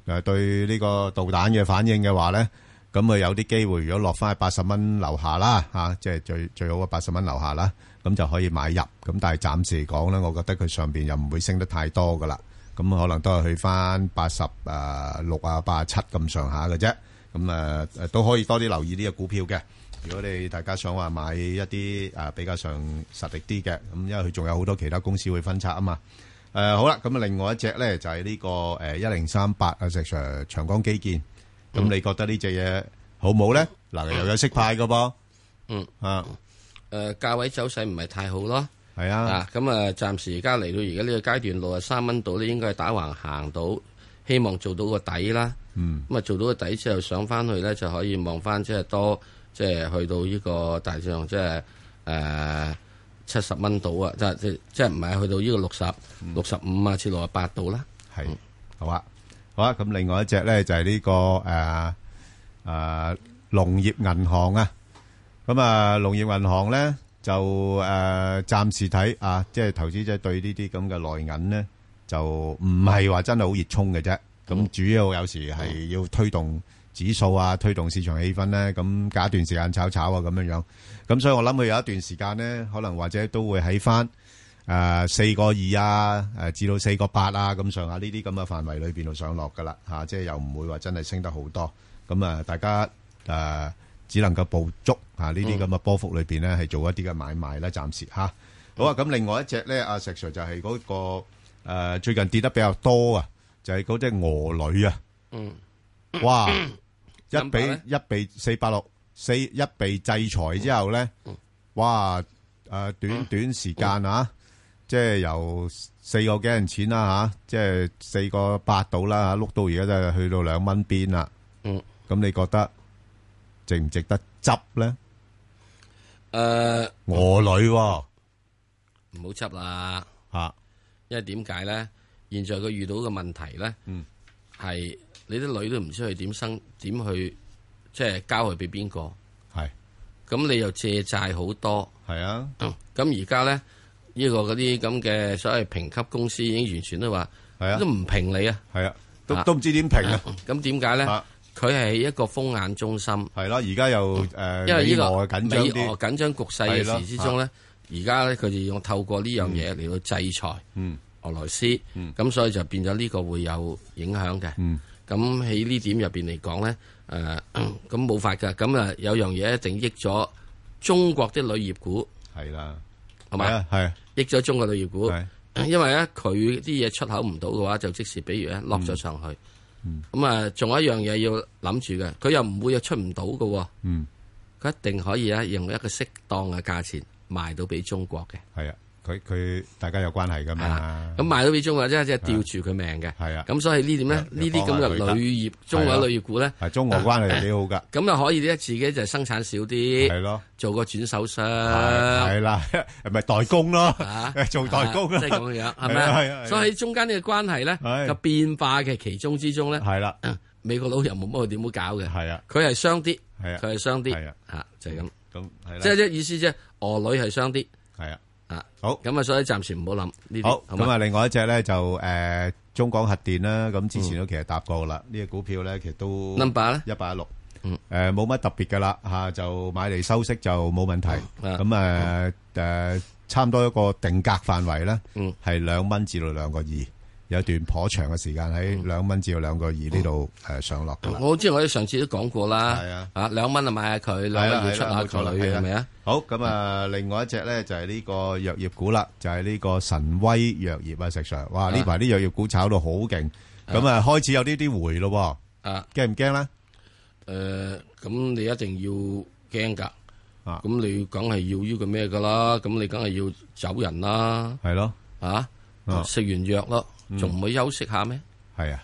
誒對呢個導彈嘅反應嘅話咧，咁啊有啲機會，如果落翻喺八十蚊樓下啦，嚇、啊，即係最最好嘅八十蚊樓下啦，咁就可以買入。咁但係暫時講啦，我覺得佢上邊又唔會升得太多噶啦，咁可能都係去翻八十誒六啊八七咁上下嘅啫。咁誒、呃、都可以多啲留意呢個股票嘅。如果你大家想話買一啲誒比較上實力啲嘅，咁因為佢仲有好多其他公司會分拆啊嘛。誒好啦，咁啊另外一隻咧就係呢個誒一零三八啊，石 sir，長江基建。咁你覺得呢隻嘢好唔好咧？嗱，又有息派嘅噃。嗯啊，誒價位走勢唔係太好咯。係啊。啊咁啊，暫時而家嚟到而家呢個階段六啊三蚊度咧，應該係打橫行到，希望做到個底啦。嗯。咁啊，做到個底之後，上翻去咧就可以望翻即係多。即係去到呢個大上，即係誒七十蚊度啊！即係即係唔係去到呢個六十、六十五啊，至六十八度啦。係，好啊，好啊。咁另外一隻咧就係、是、呢、這個誒誒、呃呃、農業銀行啊。咁、呃、啊，農業銀行咧就誒、呃、暫時睇啊，即係投資者對呢啲咁嘅內銀咧就唔係話真係好熱衷嘅啫。咁主要有時係要推動。嗯嗯指數啊，推動市場氣氛咧，咁隔一段時間炒炒啊，咁樣樣。咁所以我諗佢有一段時間咧，可能或者都會喺翻誒四個二啊，誒、呃、至到四個八啊，咁上下呢啲咁嘅範圍裏邊度上落噶啦嚇，即係又唔會話真係升得好多。咁啊，大家誒、啊、只能夠捕捉嚇呢啲咁嘅波幅裏邊咧，係做一啲嘅買賣咧，暫時吓好啊，咁、啊、另外一隻咧，阿、啊、石 Sir 就係嗰、那個、啊、最近跌得比較多啊，就係嗰隻鵝女啊，嗯，哇！ 一俾一被四百六四一被制裁之後咧，嗯嗯、哇！誒、呃，短短時間、嗯嗯、啊，即係由四個幾人錢啦吓、啊，即係四個八到啦吓，碌到而家就去到兩蚊邊啦。嗯，咁你覺得值唔值得執咧？誒、呃，我女唔好執啦吓，因為點解咧？現在佢遇到嘅問題咧，係、嗯。你啲女都唔知佢點生，點去即係交去俾邊個？係咁的，你又借債好多，係啊的。咁而家咧，呢個嗰啲咁嘅所謂評級公司已經完全都話，係的啊，都唔評你啊，係啊，都都唔知點評啊。咁點解咧？佢係一個風眼中心，係咯。而家又誒，因為呢個緊張緊張局勢嘅時之中咧，而家咧佢哋用透過呢樣嘢嚟到制裁嗯，嗯，俄羅斯，嗯，咁所以就變咗呢個會有影響嘅，嗯。咁喺呢點入邊嚟講咧，誒咁冇法㗎。咁啊有樣嘢一定益咗中國啲旅業股，係啦的，係咪啊？係益咗中國旅業股，因為咧佢啲嘢出口唔到嘅話，就即時，比如咧落咗上去。咁啊、嗯，仲、嗯嗯、有一樣嘢要諗住嘅，佢又唔會又出唔到嘅。嗯，佢一定可以咧、啊，用一個適當嘅價錢賣到俾中國嘅。係啊。佢佢大家有關係噶嘛？咁賣到俾中國，即係即係吊住佢命嘅。係啊，咁所以呢點咧？呢啲咁嘅鋁業中國嘅鋁業股咧，中俄關係幾好噶。咁又可以咧，自己就生產少啲，係咯，做個轉手商，係啦，唔係代工咯，做代工，即係咁樣，係咪？所以中間呢個關係咧個變化嘅其中之中咧，係啦，美國佬又冇乜點樣搞嘅，係啊，佢係雙啲，係佢係雙跌，吓就係咁，咁係即係即意思即啫，俄鋁係雙啲。係啊。啊好，咁啊所以暫時唔好諗呢好，咁啊嗎另外一隻咧就誒、呃、中廣核電啦，咁之前都其實答過啦，呢隻、嗯、股票咧其實都一八一六，誒冇乜特別噶啦吓，就買嚟收息就冇問題，咁啊誒差唔多一個定格範圍咧，係兩蚊至到兩個二。有段頗長嘅時間喺兩蚊至到兩個二呢度誒上落嘅啦。我知我上次都講過啦，吓兩蚊啊買下佢，兩蚊要出下佢，係咪啊？好咁啊，另外一隻咧就係呢個藥業股啦，就係呢個神威藥業啊，石 Sir，哇呢排啲藥業股炒到好勁，咁啊開始有呢啲回咯，啊驚唔驚咧？誒，咁你一定要驚噶，啊，咁你梗係要呢個咩噶啦？咁你梗係要走人啦，係咯，啊，食完藥咯。仲唔、嗯、會休息下咩？係啊，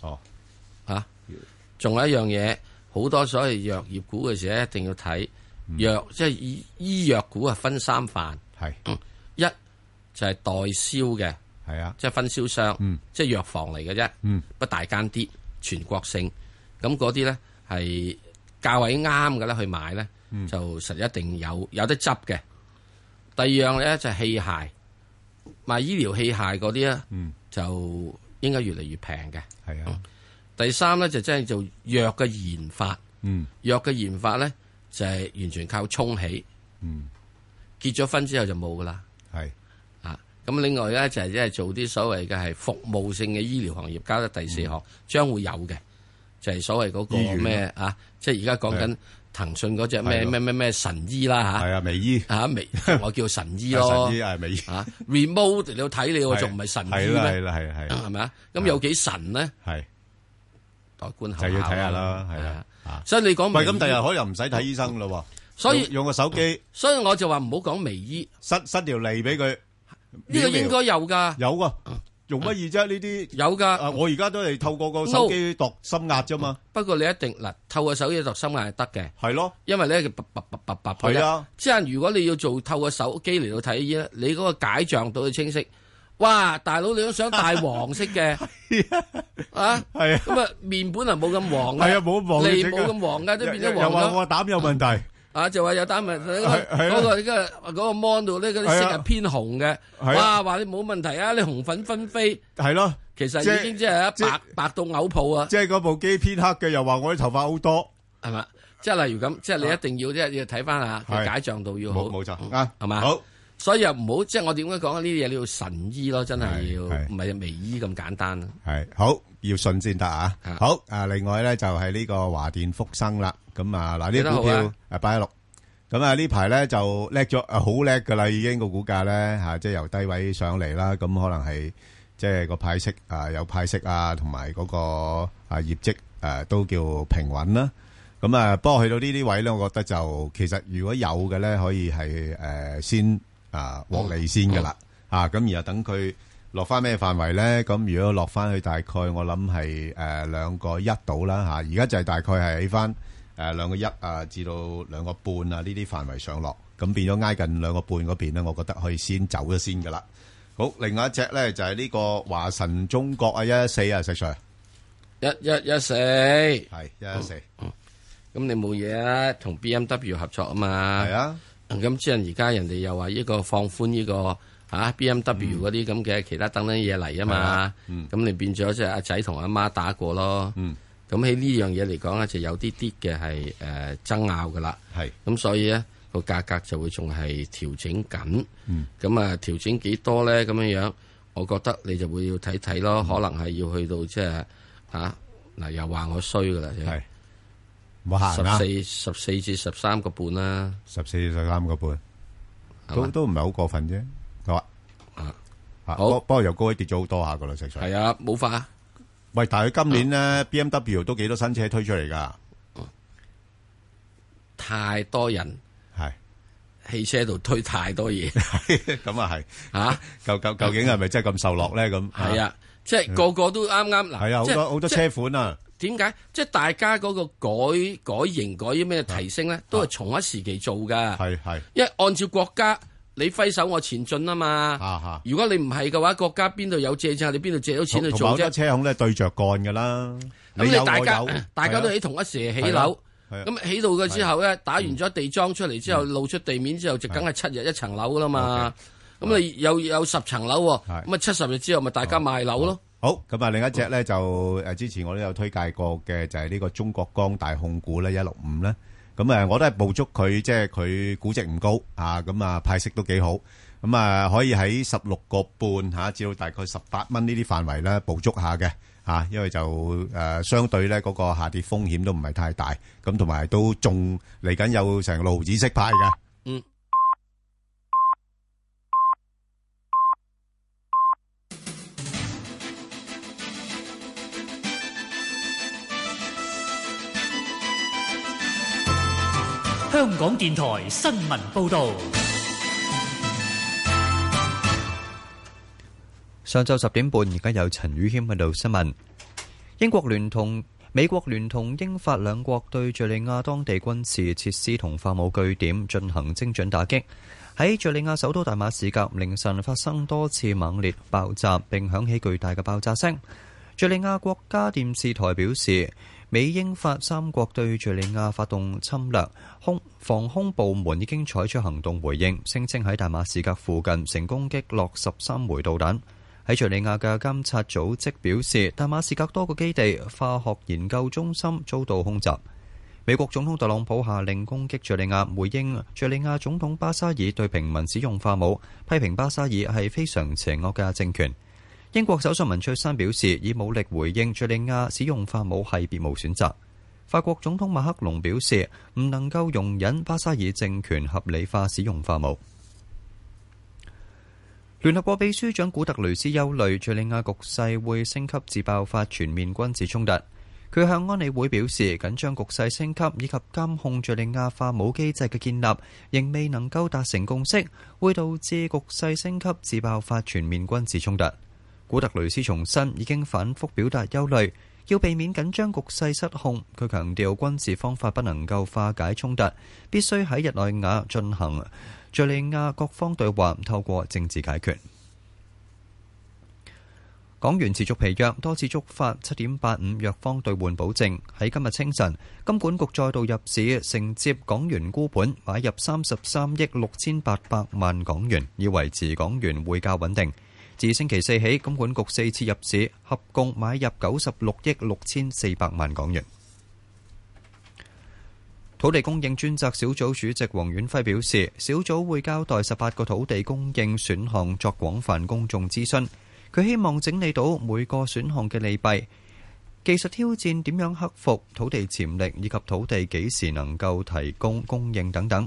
哦吓，仲、啊、有一樣嘢，好多所謂藥業股嘅時候，一定要睇藥、嗯、即係醫藥股啊，分三範係一就係代銷嘅係啊，即係分銷商，嗯、即係藥房嚟嘅啫，嗯、不大間啲，全國性咁嗰啲咧係價位啱嘅咧，去買咧、嗯、就實一定有有得執嘅。第二樣咧就係器械賣醫療器械嗰啲啊。就應該越嚟越平嘅。係啊的、嗯，第三咧就真係做藥嘅研發。嗯，藥嘅研發咧就係、是、完全靠衝起。嗯，結咗婚之後就冇噶啦。係的啊，咁另外咧就係即係做啲所謂嘅係服務性嘅醫療行業，加咗第四行，將、嗯、會有嘅，就係、是、所謂嗰個咩啊，即係而家講緊。騰訊嗰隻咩咩咩咩神醫啦吓，係啊，微醫吓，微我叫神醫咯，神醫係微醫吓，remote 你睇你我仲唔係神醫咩？係啦係啦係係係咪啊？咁有幾神咧？係，代觀後就係要睇下啦，係啦，所以你講喂咁第日可能唔使睇醫生咯，所以用個手機，所以我就話唔好講微醫，塞塞條脷俾佢，呢個應該有噶，有喎。用乜嘢啫？呢啲有噶，我而家都係透過個手機度心壓啫嘛。不過你一定嗱，透過手機度心壓係得嘅。係咯，因為咧，佢白白白白白佢咧。即係如果你要做透過手機嚟到睇咧，你嗰個解像度要清晰。哇，大佬，你都想戴黃色嘅啊？係咁啊，面本係冇咁黃嘅，係啊，冇黃你冇咁黃噶，都變咗黃咯。又話我膽有問題。啊，就話有單物嗰個嗰個嗰個 monitor 咧，嗰啲色係偏紅嘅，哇，話你冇問題啊，你紅粉紛飛，係咯，其實已經即係一白白到嘔泡啊，即係嗰部機偏黑嘅，又話我啲頭髮好多，係嘛，即係例如咁，即係你一定要即係要睇翻下，解像度要好，冇錯啊，係嘛，好，所以又唔好，即係我點解講呢啲嘢，你要神醫咯，真係要唔係微醫咁簡單，係好要信先得啊，好啊，另外咧就係呢個華電福生啦。咁啊，嗱呢啲股票，八一六，咁啊呢排咧就叻咗，好叻噶啦，已經個股價咧吓，即係由低位上嚟啦。咁可能係即係個派息啊，有派息啊，同埋嗰個啊業績誒都叫平穩啦。咁啊，不過去到呢啲位咧，我覺得就其實如果有嘅咧，可以係誒先啊獲利先噶啦，吓咁然後等佢落翻咩範圍咧？咁如果落翻去大概我諗係誒兩個一度啦吓，而家就係大概係起翻。誒，兩個一啊，至到兩個半啊，呢啲範圍上落，咁變咗挨近兩個半嗰邊咧，我覺得可以先走咗先噶啦。好，另外一隻咧就係、是、呢個華晨中國啊，一一四啊，石 Sir，一一一四，係一一四，咁、嗯嗯、你冇嘢啊？同 B M W 合作啊嘛，係啊，咁、嗯、即係而家人哋又話呢個放寬呢、這個吓 B M W 嗰啲咁嘅其他等等嘢嚟啊嘛，咁、啊嗯、你變咗即係阿仔同阿媽打過咯。嗯咁喺呢樣嘢嚟講咧，就有啲啲嘅係誒爭拗噶啦。係。咁所以咧個價格就會仲係調整緊。咁啊調整幾多咧？咁樣樣，我覺得你就會要睇睇咯。可能係要去到即係嚇嗱，又話我衰噶啦。係。冇行啦。十四十四至十三個半啦。十四至十三個半。都都唔係好過分啫。好啊。嚇！好。不過由高位跌咗好多下噶啦，成成。係啊！冇法。喂，但係佢今年咧，BMW 都幾多新車推出嚟噶？太多人係汽車度推太多嘢，咁啊係吓？究究究竟係咪真係咁受落咧？咁係啊，即係個個都啱啱嗱，係啊，好多好多車款啊。點解？即係大家嗰個改改型改啲咩提升咧，都係同一時期做噶。係係，因為按照國家。你揮手我前進啊嘛！ 如果你唔係嘅話，國家邊度有借債？你邊度借到錢去做啫？車控咧對着幹噶啦。咁你大家你有有大家都喺同一時起樓，咁起到嘅之後咧，的打完咗地樁出嚟之後，露出地面之後就梗係七日一層樓噶啦嘛。咁的你有有十層樓，咁啊的七十日之後咪大家賣樓咯。好，咁啊另一隻咧就誒之前我都有推介過嘅就係、是、呢個中國光大控股咧一六五咧。咁誒，我都係捕捉佢，即係佢估值唔高啊！咁啊，派息都幾好，咁啊，可以喺十六個半嚇，至到大概十八蚊呢啲範圍啦，捕捉下嘅嚇、啊，因為就誒、啊、相對咧嗰個下跌風險都唔係太大，咁同埋都仲嚟緊有成路紫息派嘅。嗯。香港電台新聞報道：上晝十點半，而家有陳宇謙喺度新聞。英國聯同美國聯同英法兩國對敘利亞當地軍事設施同化武據點進行精準打擊。喺敘利亞首都大馬士革凌晨發生多次猛烈爆炸，並響起巨大嘅爆炸聲。敘利亞國家電視台表示。美英法三國對敘利亞發動侵略，空防空部門已經採取行動回應，聲稱喺大馬士革附近成功擊落十三枚導彈。喺敘利亞嘅監察組織表示，大馬士革多個基地化學研究中心遭到空襲。美國總統特朗普下令攻擊敘利亞，回應敘利亞總統巴沙爾對平民使用化武，批評巴沙爾係非常邪惡嘅政權。英國首相文翠珊表示，以武力回應敘利亞使用化武係別無選擇。法國總統馬克龍表示，唔能夠容忍巴沙爾政權合理化使用化武。聯合國秘書長古特雷斯憂慮敘利亞局勢會升級至爆發全面軍事衝突。佢向安理會表示，緊張局勢升級以及監控敘利亞化武機制嘅建立仍未能夠達成共識，會導致局勢升級至爆發全面軍事衝突。古特雷斯重申，已經反覆表達憂慮，要避免緊張局勢失控。佢強調，軍事方法不能夠化解衝突，必須喺日內瓦進行敘利亞各方對話，透過政治解決。港元持續疲弱，多次觸發七點八五弱方兌換保證。喺今日清晨，金管局再度入市承接港元沽盤，買入三十三億六千八百萬港元，以維持港元匯價穩定。自星期四起，金管局四次入市，合共買入九十六億六千四百萬港元。土地供應專責小組主席黃遠輝表示，小組會交代十八個土地供應選項，作廣泛公眾諮詢。佢希望整理到每個選項嘅利弊、技術挑戰點樣克服、土地潛力以及土地幾時能夠提供供應等等。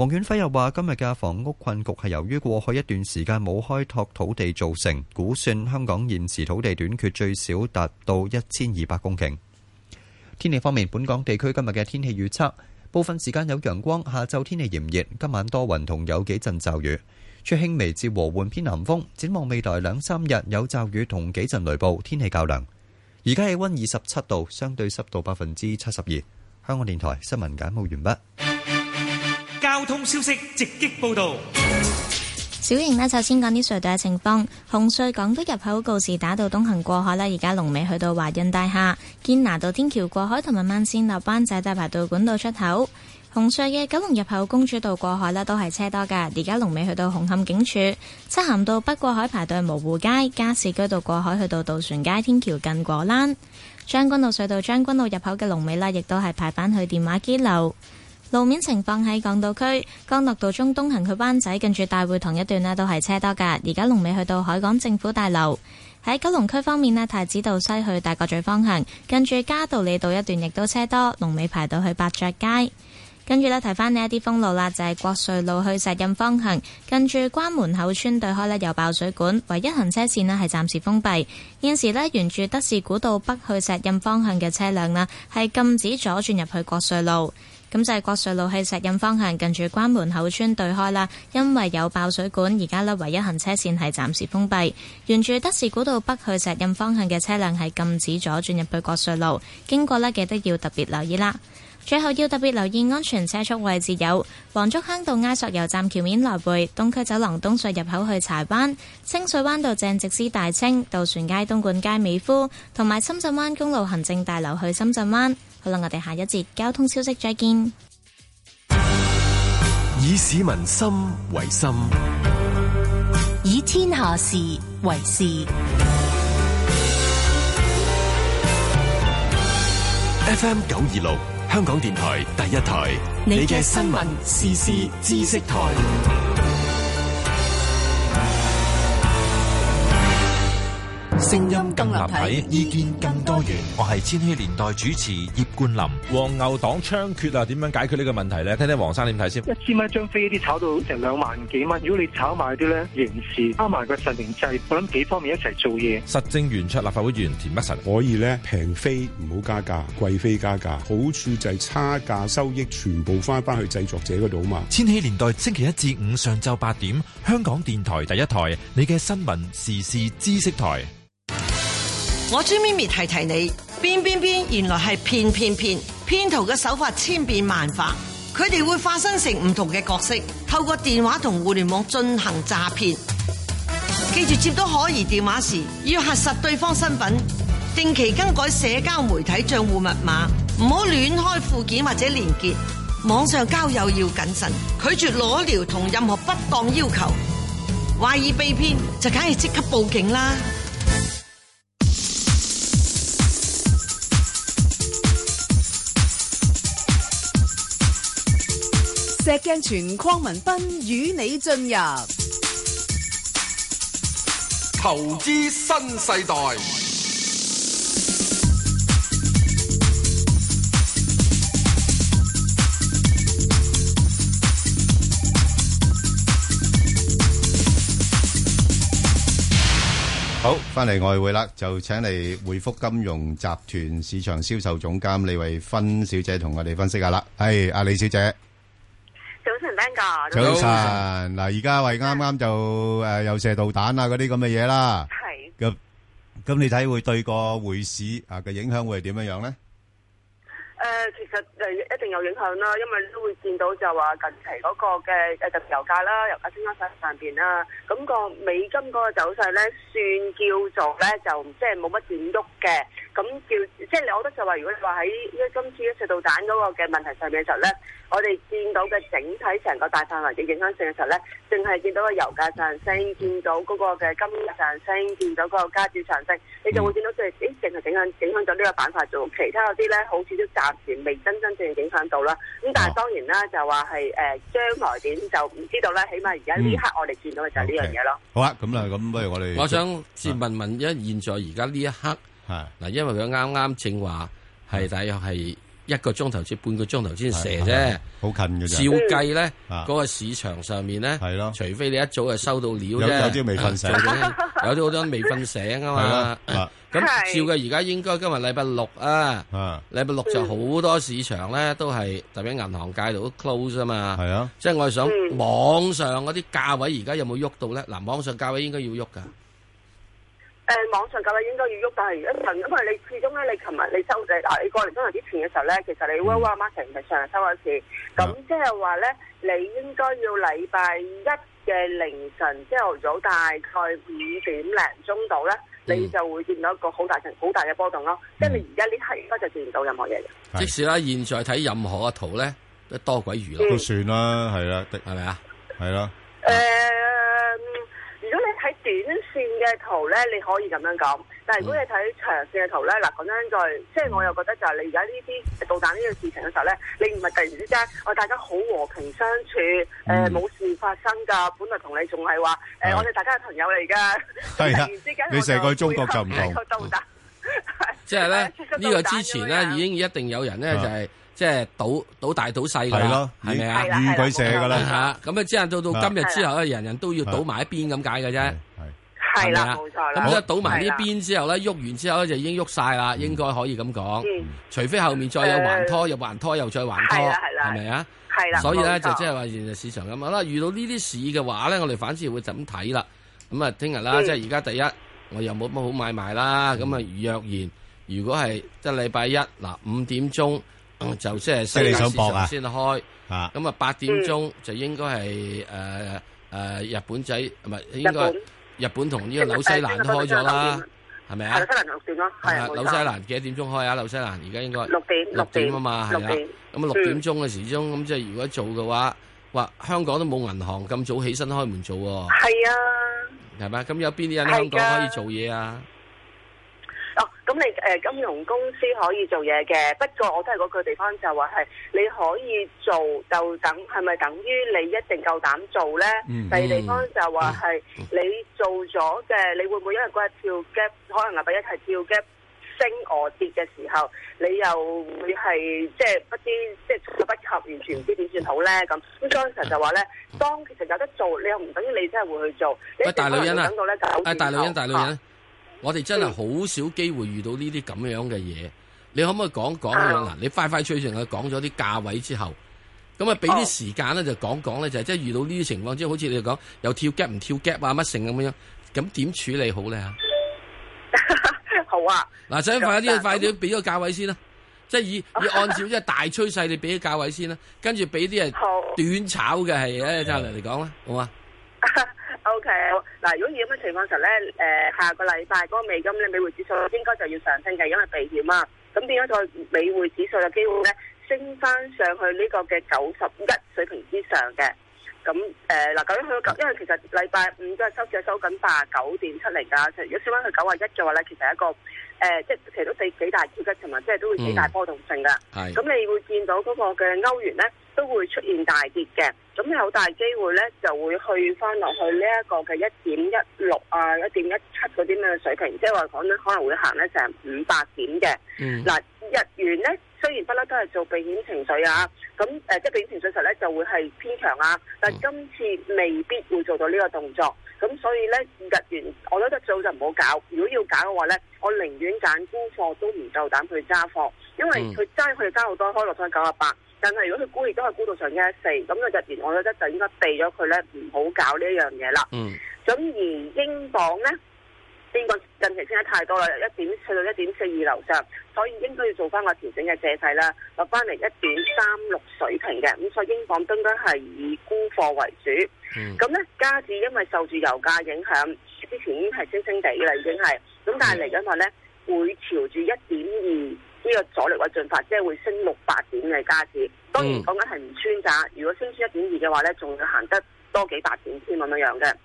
黃遠輝又話：今日嘅房屋困局係由於過去一段時間冇開拓土地造成，估算香港現時土地短缺最少達到一千二百公頃。天氣方面，本港地區今日嘅天氣預測：部分時間有陽光，下晝天氣炎熱，今晚多雲同有幾陣驟雨，吹輕微至和緩偏南風。展望未來兩三日有驟雨同幾陣雷暴，天氣較涼。而家氣溫二十七度，相對濕度百分之七十二。香港電台新聞簡報完畢。交通消息直擊報道，小瑩呢，就先講啲隧道嘅情況。紅隧港島入口告士打道東行過海啦，而家龍尾去到華潤大廈堅拿道天橋過海，同埋慢線落班仔大排到管道出口。紅隧嘅九龍入口公主道過海啦，都係車多噶。而家龍尾去到紅磡警署，漆咸道北過海排隊係模糊街加士居道過海去到渡船街天橋近果欄將軍澳隧道將軍澳入口嘅龍尾呢亦都係排返去電話機樓。路面情況喺港島區干諾道中東行去灣仔，近住大會堂一段啦，都係車多噶而家龍尾去到海港政府大樓，喺九龍區方面啦，太子道西去大角咀方向，近住嘉道理道一段亦都車多，龍尾排到去伯爵街。跟住呢，睇翻呢一啲封路啦，就係、是、國瑞路去石蔭方向，近住關門口村對開呢有爆水管，唯一行車線呢係暫時封閉。現時呢，沿住德士古道北去石蔭方向嘅車輛呢係禁止左轉入去國瑞路。咁就係國瑞路喺石蔭方向近住關門口村對開啦，因為有爆水管，而家呢唯一行車線係暫時封閉。沿住德士古道北去石蔭方向嘅車輛係禁止左轉入去國瑞路，經過呢，記得要特別留意啦。最後要特別留意安全車速位置，有黃竹坑道埃索油站橋面來回、東區走廊東隧入口去柴灣、清水灣道正直師大清、渡船街東莞街美孚同埋深圳灣公路行政大樓去深圳灣。好啦，我哋下一節交通消息再見。以市民心為心，以天下事為事。 FM 九二六，香港電台第一台，你嘅新聞、時事、知識台。聲音更立體，意見更多元。我係千禧年代主持葉冠林。黃牛黨猖獗啊，點樣解決呢個問題咧？聽聽黃生點睇先。一千蚊一張飛，啲炒到成兩萬幾蚊。如果你炒賣啲咧，刑事，包埋個實名制，我諗幾方面一齊做嘢。實政圓桌，立法會議員田北辰可以咧，平飛唔好加價，貴飛加價。好處就係差價收益全部翻翻去製作者嗰度啊嘛。千禧年代星期一至五上晝八點，香港電台第一台，你嘅新聞時事知識台。我朱咪咪提提你，變變變，原來係騙騙騙，騙徒嘅手法千變萬化，佢哋會化身成唔同嘅角色，透過電話同互聯網進行詐騙。記住接到可疑電話時，要核實對方身份，定期更改社交媒體賬戶密碼，唔好亂開附件或者連結，網上交友要謹慎，拒絕裸聊同任何不當要求。懷疑被騙就梗係即刻報警啦。石鏡泉鄺民彬與你進入投資新世代。好，翻嚟外匯啦，就請嚟匯福金融集團市場銷售總監李慧芬小姐同我哋分析下啦。係阿李小姐。早晨，Daniel。早晨，嗱，而家為啱啱就誒，有射導彈啊，嗰啲咁嘅嘢啦。係。咁咁，你睇會對個匯市啊嘅影響會係點樣樣咧？誒，其實誒，一定有影響啦，因為都會見到就話近期嗰個嘅誒特別油價啦，油價升翻上上邊啦。咁個美金嗰個走勢咧，算叫做咧就即係冇乜點喐嘅。咁叫即係，我覺得就話，是，如果你話喺呢今次嘅食道彈嗰個嘅問題上面嘅時候咧，我哋見到嘅整體成個大範圍嘅影響性嘅時候咧，淨係見到個油價上升，見到嗰個嘅金上升，見到嗰個加注上升，你就會見到即係誒，淨、欸、係影響影響咗呢個板塊做，其他嗰啲咧好似都暫時未真真正正影響到啦。咁但係當然啦，哦，就話係誒將來點就唔知道咧。起碼而家呢刻我哋見到嘅就係呢樣嘢咯。嗯 okay。好啊，咁啦，咁不如我哋我想先問問，因為現在而家呢一刻。啊嗱，因為佢啱啱正話係大約係一個鐘頭至半個鐘頭先射啫，好近嘅啫。照計咧，嗰個市場上面咧，係咯，除非你一早就收到料啫，有啲未瞓醒，有啲好多未瞓醒啊嘛。咁照計，而家應該今日禮拜六啊，禮拜六就好多市場咧都係特別銀行界度 close 啊嘛。係啊，即係我哋想，網上嗰啲價位而家有冇喐到咧？嗱，網上價位應該要喐噶。誒、嗯、網上交易應該要喐，但係一陣，因為你始終咧，你琴日你收你，嗱，你過嚟收日啲錢嘅時候咧，其實你 w o r l d 上日收一次。咁即係話咧，你應該要禮拜一嘅凌晨朝頭早大概五點零鐘到咧，你就會見到一個好大嘅好大嘅波動咯。因你而家呢刻應該就做唔到任何嘢嘅。嗯、是即使啦，現在睇任何嘅圖咧，多鬼餘都算啦，係啦，係咪啊？係咯。誒。如果你睇短線嘅圖咧，你可以咁樣講；但係如果你睇長線嘅圖咧，嗱，講真句，即係我又覺得就係你而家呢啲導彈呢個事情嘅時候咧，你唔係突然之間，我大家好和平相處，誒，冇事發生㗎，本來同你仲係話，誒，我哋大家係朋友嚟㗎，突然之間你成個中國就唔同，即係咧呢個之前咧已經一定有人咧就係。即係賭賭大賭細㗎，係咯，係咪啊？遇鬼射㗎啦嚇！咁啊，只係到到今日之後咧，人人都要倒埋一邊咁解嘅啫，係係啦，冇錯啦。咁一倒埋呢邊之後咧，喐完之後咧就已經喐晒啦，應該可以咁講。除非後面再有橫拖，又橫拖又再橫拖，係咪啊？係啦，所以咧就即係話現實市場咁啦。遇到呢啲事嘅話咧，我哋反之會就咁睇啦。咁啊，聽日啦，即係而家第一，我又冇乜好買賣啦。咁啊，若然如果係即係禮拜一嗱五點鐘。就即係世界市場先開，咁啊八點鐘就應該係誒誒日本仔唔係，應該日本同呢個紐西蘭都開咗啦，係咪啊？紐西蘭幾點鐘？紐西蘭幾點鐘開啊？紐西蘭而家應該六點六點啊嘛，係啊。咁啊六點鐘嘅時鐘咁，即係如果做嘅話，話香港都冇銀行咁早起身開門做喎。係啊，係咪？咁有邊啲人喺香港可以做嘢啊？咁你誒金融公司可以做嘢嘅，不過我都係嗰個地方就話係你可以做就等，係咪等於你一定夠膽做咧？第二地方就話係你做咗嘅，你會唔會因為嗰日跳 gap，可能係第一係跳 gap 升或跌嘅時候，你又會係即係不知即係措不及，完全唔知點算好咧？咁咁，Jonathan 就話咧，當其實有得做，你又唔等於你真係會去做，你一定唔會等到咧九點鐘。誒，大女人，大女人。我哋真係好少機會遇到呢啲咁樣嘅嘢，你可唔可以講講嗱？嗯、你快快脆脆咁講咗啲價位之後，咁啊俾啲時間咧就講講咧，就係即係遇到呢啲情況之後，即係好似你講又跳 gap 唔跳 gap 啊乜成咁樣，咁點處理好咧好啊！嗱、啊，想快啲快啲俾個價位先啦，即係以以按照即係大趨勢，你俾個價位先啦，跟住俾啲係短炒嘅係咧，就嚟嚟講啦，好嘛？嗯嗯 O K，嗱，okay, 如果咁嘅情況實咧，誒、呃，下個禮拜嗰個美金咧，美匯指數應該就要上升嘅，因為避險啊，咁變咗再美匯指數有機會咧升翻上去呢個嘅九十一水平之上嘅，咁誒，嗱、呃，究竟去到九，的因為其實禮拜五都係收住收緊八九點出嚟噶，如果收翻去九啊一嘅話咧，其實係一個。誒，即係其實都幾幾大跳嘅，同埋即係都會幾大波動性嘅。係，咁你會見到嗰個嘅歐元咧，都會出現大跌嘅。咁有大機會咧，就會去翻落去呢一個嘅一點一六啊，一點一七嗰啲咁嘅水平。即係話講緊，可能會行咧成五百點嘅。嗯，嗱，日元咧。 雖然不嬲都係做避險情緒啊，咁、啊、誒、呃、即係避險情緒時咧就會係偏強啊，但係今次未必會做到呢個動作，咁所以咧日元我覺得最好就唔好搞，如果要搞嘅話咧，我寧願揀沽貨都唔夠膽去揸貨，因為佢揸佢可以揸好多，開落去九十八，但係如果佢估亦都係估到上一一四，咁嘅日元我覺得就應該避咗佢咧，唔好搞呢一樣嘢啦。嗯，咁而英鎊咧。英國近期升得太多啦，由一點四到一點四二樓上，所以應該要做翻個調整嘅借勢啦，落翻嚟一點三六水平嘅。咁所以英鎊都都係以沽貨為主。咁咧，加紙因為受住油價影響，之前已經係升升地噶啦，已經係。咁但係嚟緊話咧，會朝住一點二呢個阻力位進發，即係會升六百點嘅加紙。當然講緊係唔穿格，如果升出一點二嘅話咧，仲要行得多幾百點添咁樣樣嘅。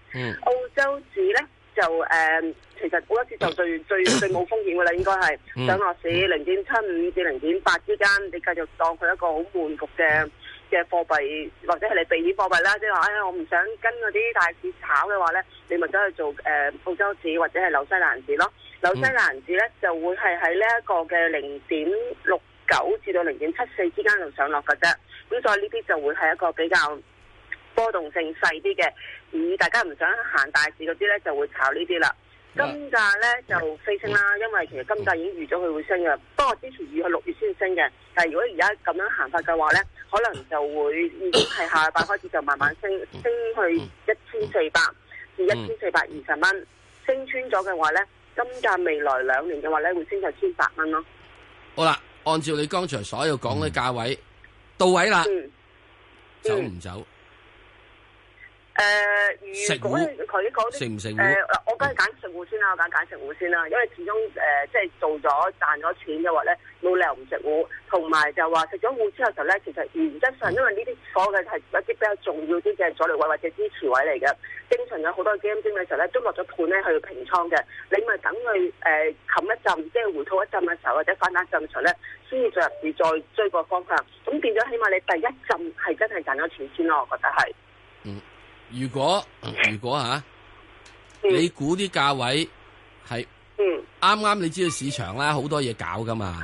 澳洲紙咧。就誒、呃，其實好多次就最 最最冇風險㗎啦，應該係、嗯、上落市零點七五至零點八之間，你繼續當佢一個好悶局嘅嘅貨幣，或者係你避險貨幣啦。即係話，我唔想跟嗰啲大市炒嘅話咧，你咪走去做誒、呃、澳洲紙或者係紐西蘭紙咯。紐西蘭紙咧就會係喺呢一個嘅零點六九至到零點七四之間度上落㗎啫。咁所以呢啲就會係一個比較，波動性細啲嘅，而大家唔想行大市嗰啲呢，就會炒呢啲啦。金價呢就飛升啦，因為其實金價已經預咗佢會升嘅，不過之前預係六月先升嘅。但係如果而家咁樣行法嘅話呢，可能就會已經係下個禮拜開始就慢慢升，升去一千四百至一千四百二十蚊， 升穿咗嘅話呢，金價未來兩年嘅話呢，會升到千八蚊咯。好啦，按照你剛才所有講嘅價位，嗯、到位啦，嗯嗯、走唔走？誒、呃，如果佢嗰啲誒，我梗係揀食糊先啦，揀揀食糊先啦，因為始終誒、呃，即係做咗賺咗錢嘅話咧，冇理由唔食糊。同埋就話食咗糊之後嘅時候咧，其實原則上因為呢啲火嘅係一啲比較重要啲嘅阻力位或者支持位嚟嘅，經常有好多基金經理嘅時候咧，都落咗盤咧去平倉嘅。你咪等佢誒冚一浸，即係回吐一浸嘅時候，或者反彈一浸嘅時候咧，先至再再追個方向。咁變咗，起碼你第一浸係真係賺咗錢先咯，我覺得係。嗯。如果如果吓，你估啲價位係，啱啱你知道市場啦，好多嘢搞噶嘛，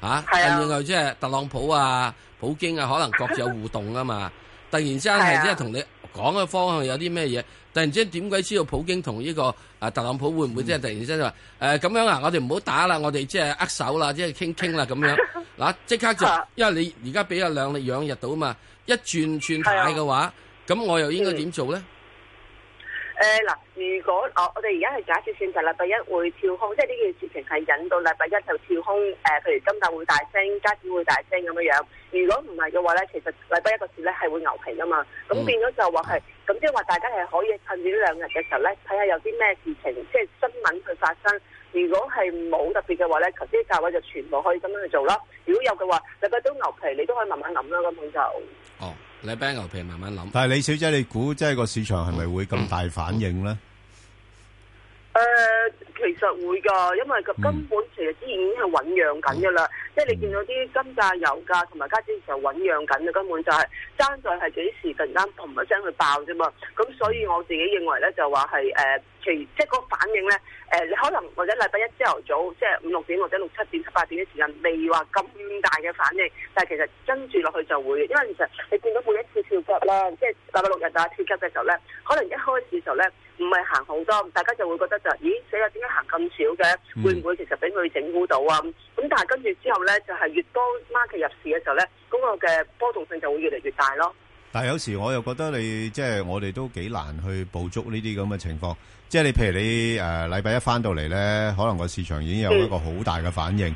吓，啊，另外即係特朗普啊、普京啊，可能各有互動啊嘛。突然之間係即係同你講嘅方向有啲咩嘢？突然之間點鬼知道普京同呢個啊特朗普會唔會即係突然之間就話誒咁樣啊？我哋唔好打啦，我哋即係握手啦，即係傾傾啦咁樣嗱，即刻就，因為你而家俾阿兩力養入到嘛，一轉轉牌嘅話。咁我又應該點做咧？誒，嗱，如果我我哋而家係假設前提啦，第一會跳空，即係呢件事情係引到禮拜一就跳空，誒，譬如金價會大升，加指會大升咁樣樣。如果唔係嘅話咧，其實禮拜一嗰時咧係會牛皮噶嘛，咁變咗就話係，咁即係話大家係可以趁住呢兩日嘅時候咧，睇下有啲咩事情，即係新聞去發生。如果係冇特別嘅話咧，頭先價位就全部可以咁樣去做啦。如果有嘅話，禮拜都牛皮，你都可以慢慢諗啦，咁就哦。你俾牛皮慢慢諗，但係李小姐，你估即係個市場係咪會咁大反應咧？誒、呃，其實會噶因為佢根本其實之前已經係醞釀緊噶啦。嗯即係你見到啲金價、油價同埋家姐就醞釀緊嘅，根本就係爭在係幾時突然間同一聲去爆啫嘛。咁所以我自己認為咧，就話係誒其即係嗰反應咧。誒，你可能或者禮拜一朝頭早即係五六點或者六七點、七八點嘅時間，未話咁大嘅反應，但係其實跟住落去就會，因為其實你見到每一次跳級咧，即係禮拜六日大家跳級嘅時候咧，可能一開始就咧唔係行好多，大家就會覺得就咦，死喇，點解行咁少嘅？會唔會其實俾佢整蠱到啊？咁但係跟住之後咧。就係越多 market 入市嘅時候咧，嗰個嘅波動性就會越嚟越大咯。但係有時我又覺得你即係、就是、我哋都幾難去捕捉呢啲咁嘅情況。即、就、係、是、你譬如你誒禮拜一翻到嚟咧，可能個市場已經有一個好大嘅反應。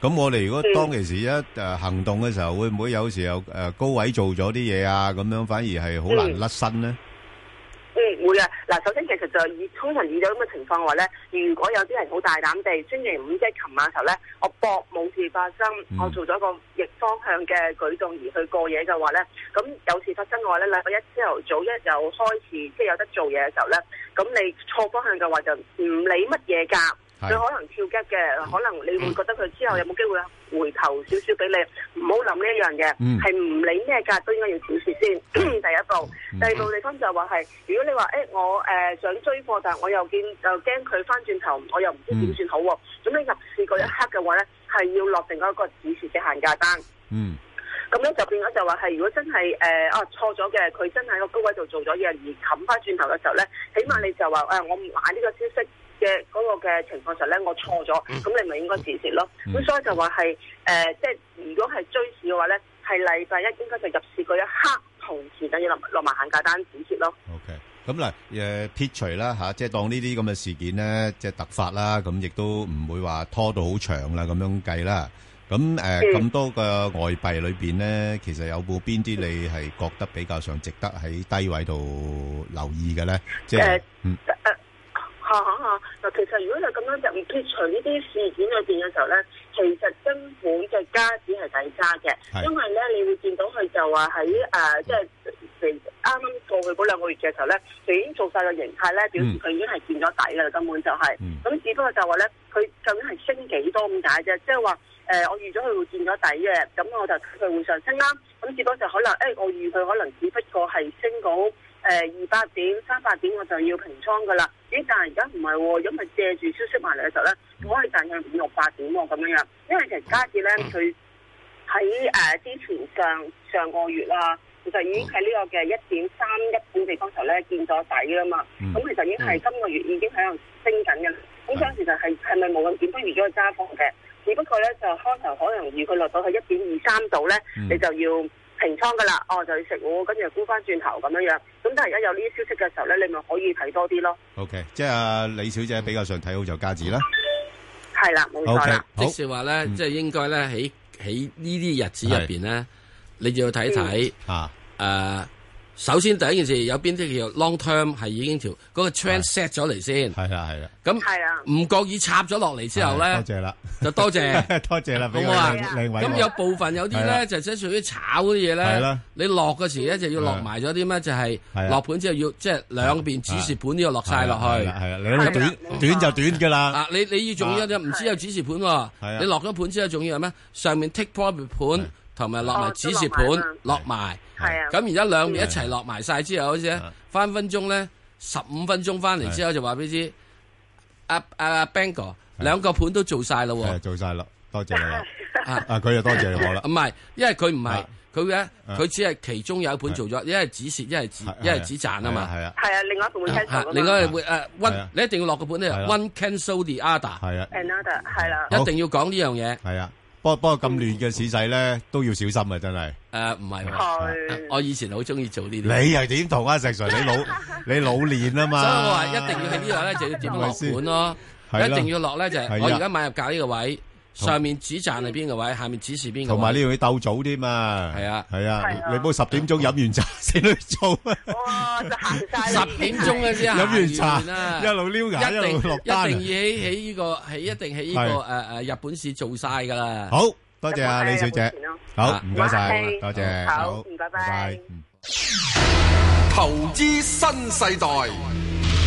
咁、嗯、我哋如果當其時一誒、呃、行動嘅時候，會唔會有時候誒、呃、高位做咗啲嘢啊？咁樣反而係好難甩身咧。嗯會啊，嗱，首先其實就以通常遇到咁嘅情況話咧，如果有啲人好大膽地星期五即係琴晚嘅時候咧，我搏冇事發生，我做咗個逆方向嘅舉動而去過夜嘅話咧，咁有事發生嘅話咧，禮拜一朝頭早一有開始即係有得做嘢嘅時候咧，咁你錯方向嘅話就唔理乜嘢噶。佢是可能跳吉嘅，可能你會覺得佢之後有冇機會回頭少少俾你，唔好諗呢一樣嘢，係唔、嗯、理咩價都應該要止蝕先。第一步，第二步地方就話、是、係，如果你話誒、哎、我誒、呃、想追貨，但係我又見又驚佢翻轉頭，我又唔知點算好。咁、嗯、你入市嗰一刻嘅話呢，係要落定一個止蝕嘅限價單。嗯，咁咧就變咗就話、是、係，如果真係誒、呃、啊錯咗嘅，佢真係喺個高位度做咗嘢而冚翻轉頭嘅時候呢，起碼你就話誒、哎呃、我唔買呢個消息。嘅嗰個嘅情況時候咧，我錯咗，咁你咪應該止蝕咯。咁、嗯、所以就話係誒，即係如果係追市嘅話咧，係禮拜一應該就入市嗰一刻同時等於落落埋限價單止蝕咯。OK，咁嗱誒撇除啦嚇、啊，即係當呢啲咁嘅事件咧，即係突發啦，咁亦都唔會話拖到好長啦，咁樣計啦。咁誒咁多個外幣裏邊咧，其實有冇邊啲你係覺得比較上值得喺低位度留意嘅咧？即係、呃、嗯。啊哈嗱、啊啊，其實如果你咁樣就唔撇除呢啲事件裏邊嘅時候咧，其實根本嘅加點係抵揸嘅，是因為咧你會見到佢就話喺誒即係啱啱過去嗰兩個月嘅時候咧，佢已經做晒個形態咧，嗯、表示佢已經係見咗底嘅，根本就係、是。咁、嗯、只不過就話咧，佢究竟係升幾多咁解啫？即係話誒，我預咗佢會見咗底嘅，咁我就佢會上升啦。咁只不過就可能誒、欸，我預佢可能只不過係升到。誒，二百、呃、點、三百點我就要平倉噶啦。咦，但係而家唔係喎，咁咪借住消息埋嚟嘅時候咧，我可以賺到五、六、哦、八點喎，咁樣樣。因為其實加跌咧，佢喺誒之前上上個月啦、啊，其實已經喺呢個嘅一點三一點地方頭咧建咗底噶嘛。咁、嗯嗯、其實已經係今個月已經喺度升緊噶。咁所以其實係係咪冇咁點都預咗揸房嘅？只不過咧就開頭可能預佢落到去一點二三度咧，呢嗯、你就要平倉噶啦。哦，就要食烏，跟住又沽翻轉頭咁樣頭樣。咁但係而家有呢啲消息嘅時候咧，你咪可以睇多啲咯。O、okay, K，即係阿李小姐比較上睇好就加止啦。係啦，冇錯啦。Okay, 好，即係話咧，嗯、即係應該咧，喺喺呢啲日子入邊咧，是你就要睇睇啊，誒、嗯。呃首先第一件事有邊啲叫 long term 係已經條嗰個 trend set 咗嚟先，係啊係啊，咁唔覺意插咗落嚟之後咧，就多謝多謝啦，好唔好啊？咁有部分有啲咧就即係屬於炒嗰啲嘢咧，你落嘅時咧就要落埋咗啲咩？就係落盤之後要即係兩邊指示盤都要落晒落去，係啊，你短短就短噶啦。啊，你你要仲要唔知有指示盤喎，你落咗盤之後仲要係咩？上面 take profit 盤同埋落埋指示盤，落埋。係啊，咁而家兩面一齊落埋晒之後，好似咧，翻分鐘咧，十五分鐘翻嚟之後就話俾你知，阿阿 Ben 哥兩個盤都做晒咯喎，做晒咯，多謝你啊，啊佢就多謝我啦，唔係，因為佢唔係佢嘅，佢只係其中有一盤做咗，一係止蝕，一係一係止賺啊嘛，係啊，係啊，另外一盤 cancel 另外會誒 one，你一定要落個盤咧，one cancel the other，another 係啦，一定要講呢樣嘢，係啊。不不過咁亂嘅市勢咧，都要小心啊！真係誒，唔係、啊，啊啊、我以前好中意做呢啲。你又點同啊石 Sir？你老你老練啊嘛，所以我話一定要喺呢度咧，就要點落盤咯。一定要落咧，的就係、是、的我而家買入價呢個位。上面主站係邊個位，下面指示邊個位？同埋呢度要鬥早添嘛？係啊，係啊，你冇十點鐘飲完茶先去做。哇！十點鐘嗰啲啊，飲完茶啦，一路撩噶，一路落，一定要喺喺呢個，喺一定喺呢個誒誒日本市做晒噶啦。好多謝啊，李小姐，好唔該晒，多謝，好，唔 bye bye。投資新世代。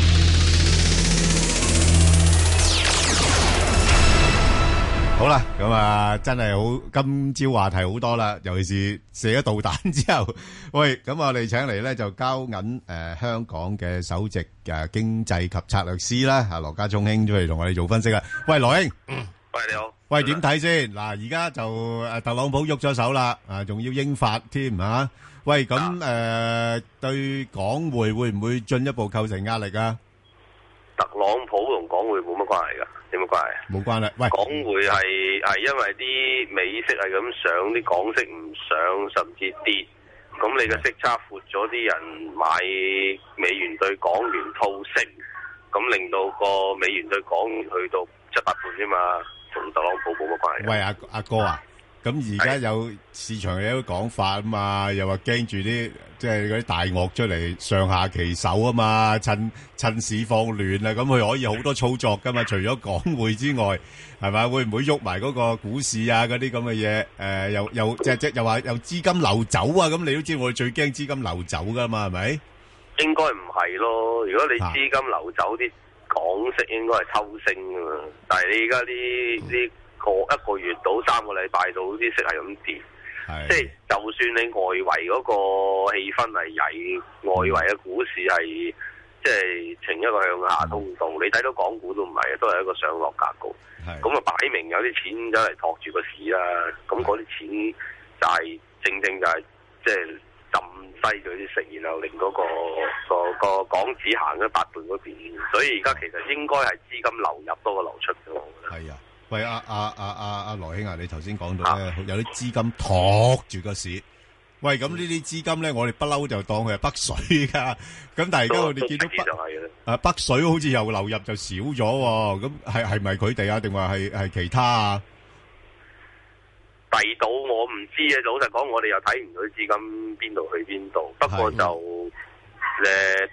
好啦，咁啊，真係好，今朝話題好多啦，尤其是射咗導彈之後，喂，咁我哋請嚟咧就交銀誒香港嘅首席誒經濟及策略師啦，吓羅家聰兄出嚟同我哋做分析啦，喂羅兄，嗯，喂你好，喂點睇先？嗱，而家就誒特朗普喐咗手啦，啊，仲要英法添啊，喂，咁誒對港匯會唔會進一步構成壓力啊？特朗普同港匯冇乜關係噶，有乜關係？冇關係。喂，港匯係係因為啲美息係咁上，啲港息唔上，甚至跌，咁你嘅息差闊咗，啲人買美元兌港元套息，咁令到個美元兌港元去到七八倍。啫嘛，同特朗普冇乜關係。喂，阿、啊、阿哥啊！咁而家有市場有一個講法啊嘛，又話驚住啲即係嗰啲大鱷出嚟上下其手啊嘛，趁趁市放亂啊，咁佢可以好多操作噶嘛。除咗港匯之外，係咪會唔會喐埋嗰個股市啊？嗰啲咁嘅嘢誒，又又即即又話又資金流走啊？咁你都知我最驚資金流走噶嘛，係咪？應該唔係咯。如果你資金流走啲港息，應該係抽升噶嘛。但係你而家啲啲。個一個月到三個禮拜到啲息係咁跌，的即係就算你外圍嗰個氣氛係曳，嗯、外圍嘅股市係即係呈一個向下通道，道，你睇到港股都唔係都係一個上落格局。咁啊的擺明有啲錢走嚟托住個市啦，咁嗰啲錢就係、啊就是、正正就係即係浸低咗啲息，然後令嗰、那個那個那個港紙行咗八倍嗰邊，所以而家其實應該係資金流入多過流出嘅，我覺得。係啊。喂，阿阿阿阿阿羅兄啊，你頭先講到咧的、啊、有啲資金托住個市，喂，咁呢啲資金咧，我哋不嬲就當佢係北水噶，咁但係而家我哋見到北，就係啊，北水好似又流入就少咗，咁係係咪佢哋啊？定話係係其他啊？第到我唔知啊，老實講，我哋又睇唔到啲資金邊度去邊度，不過就。誒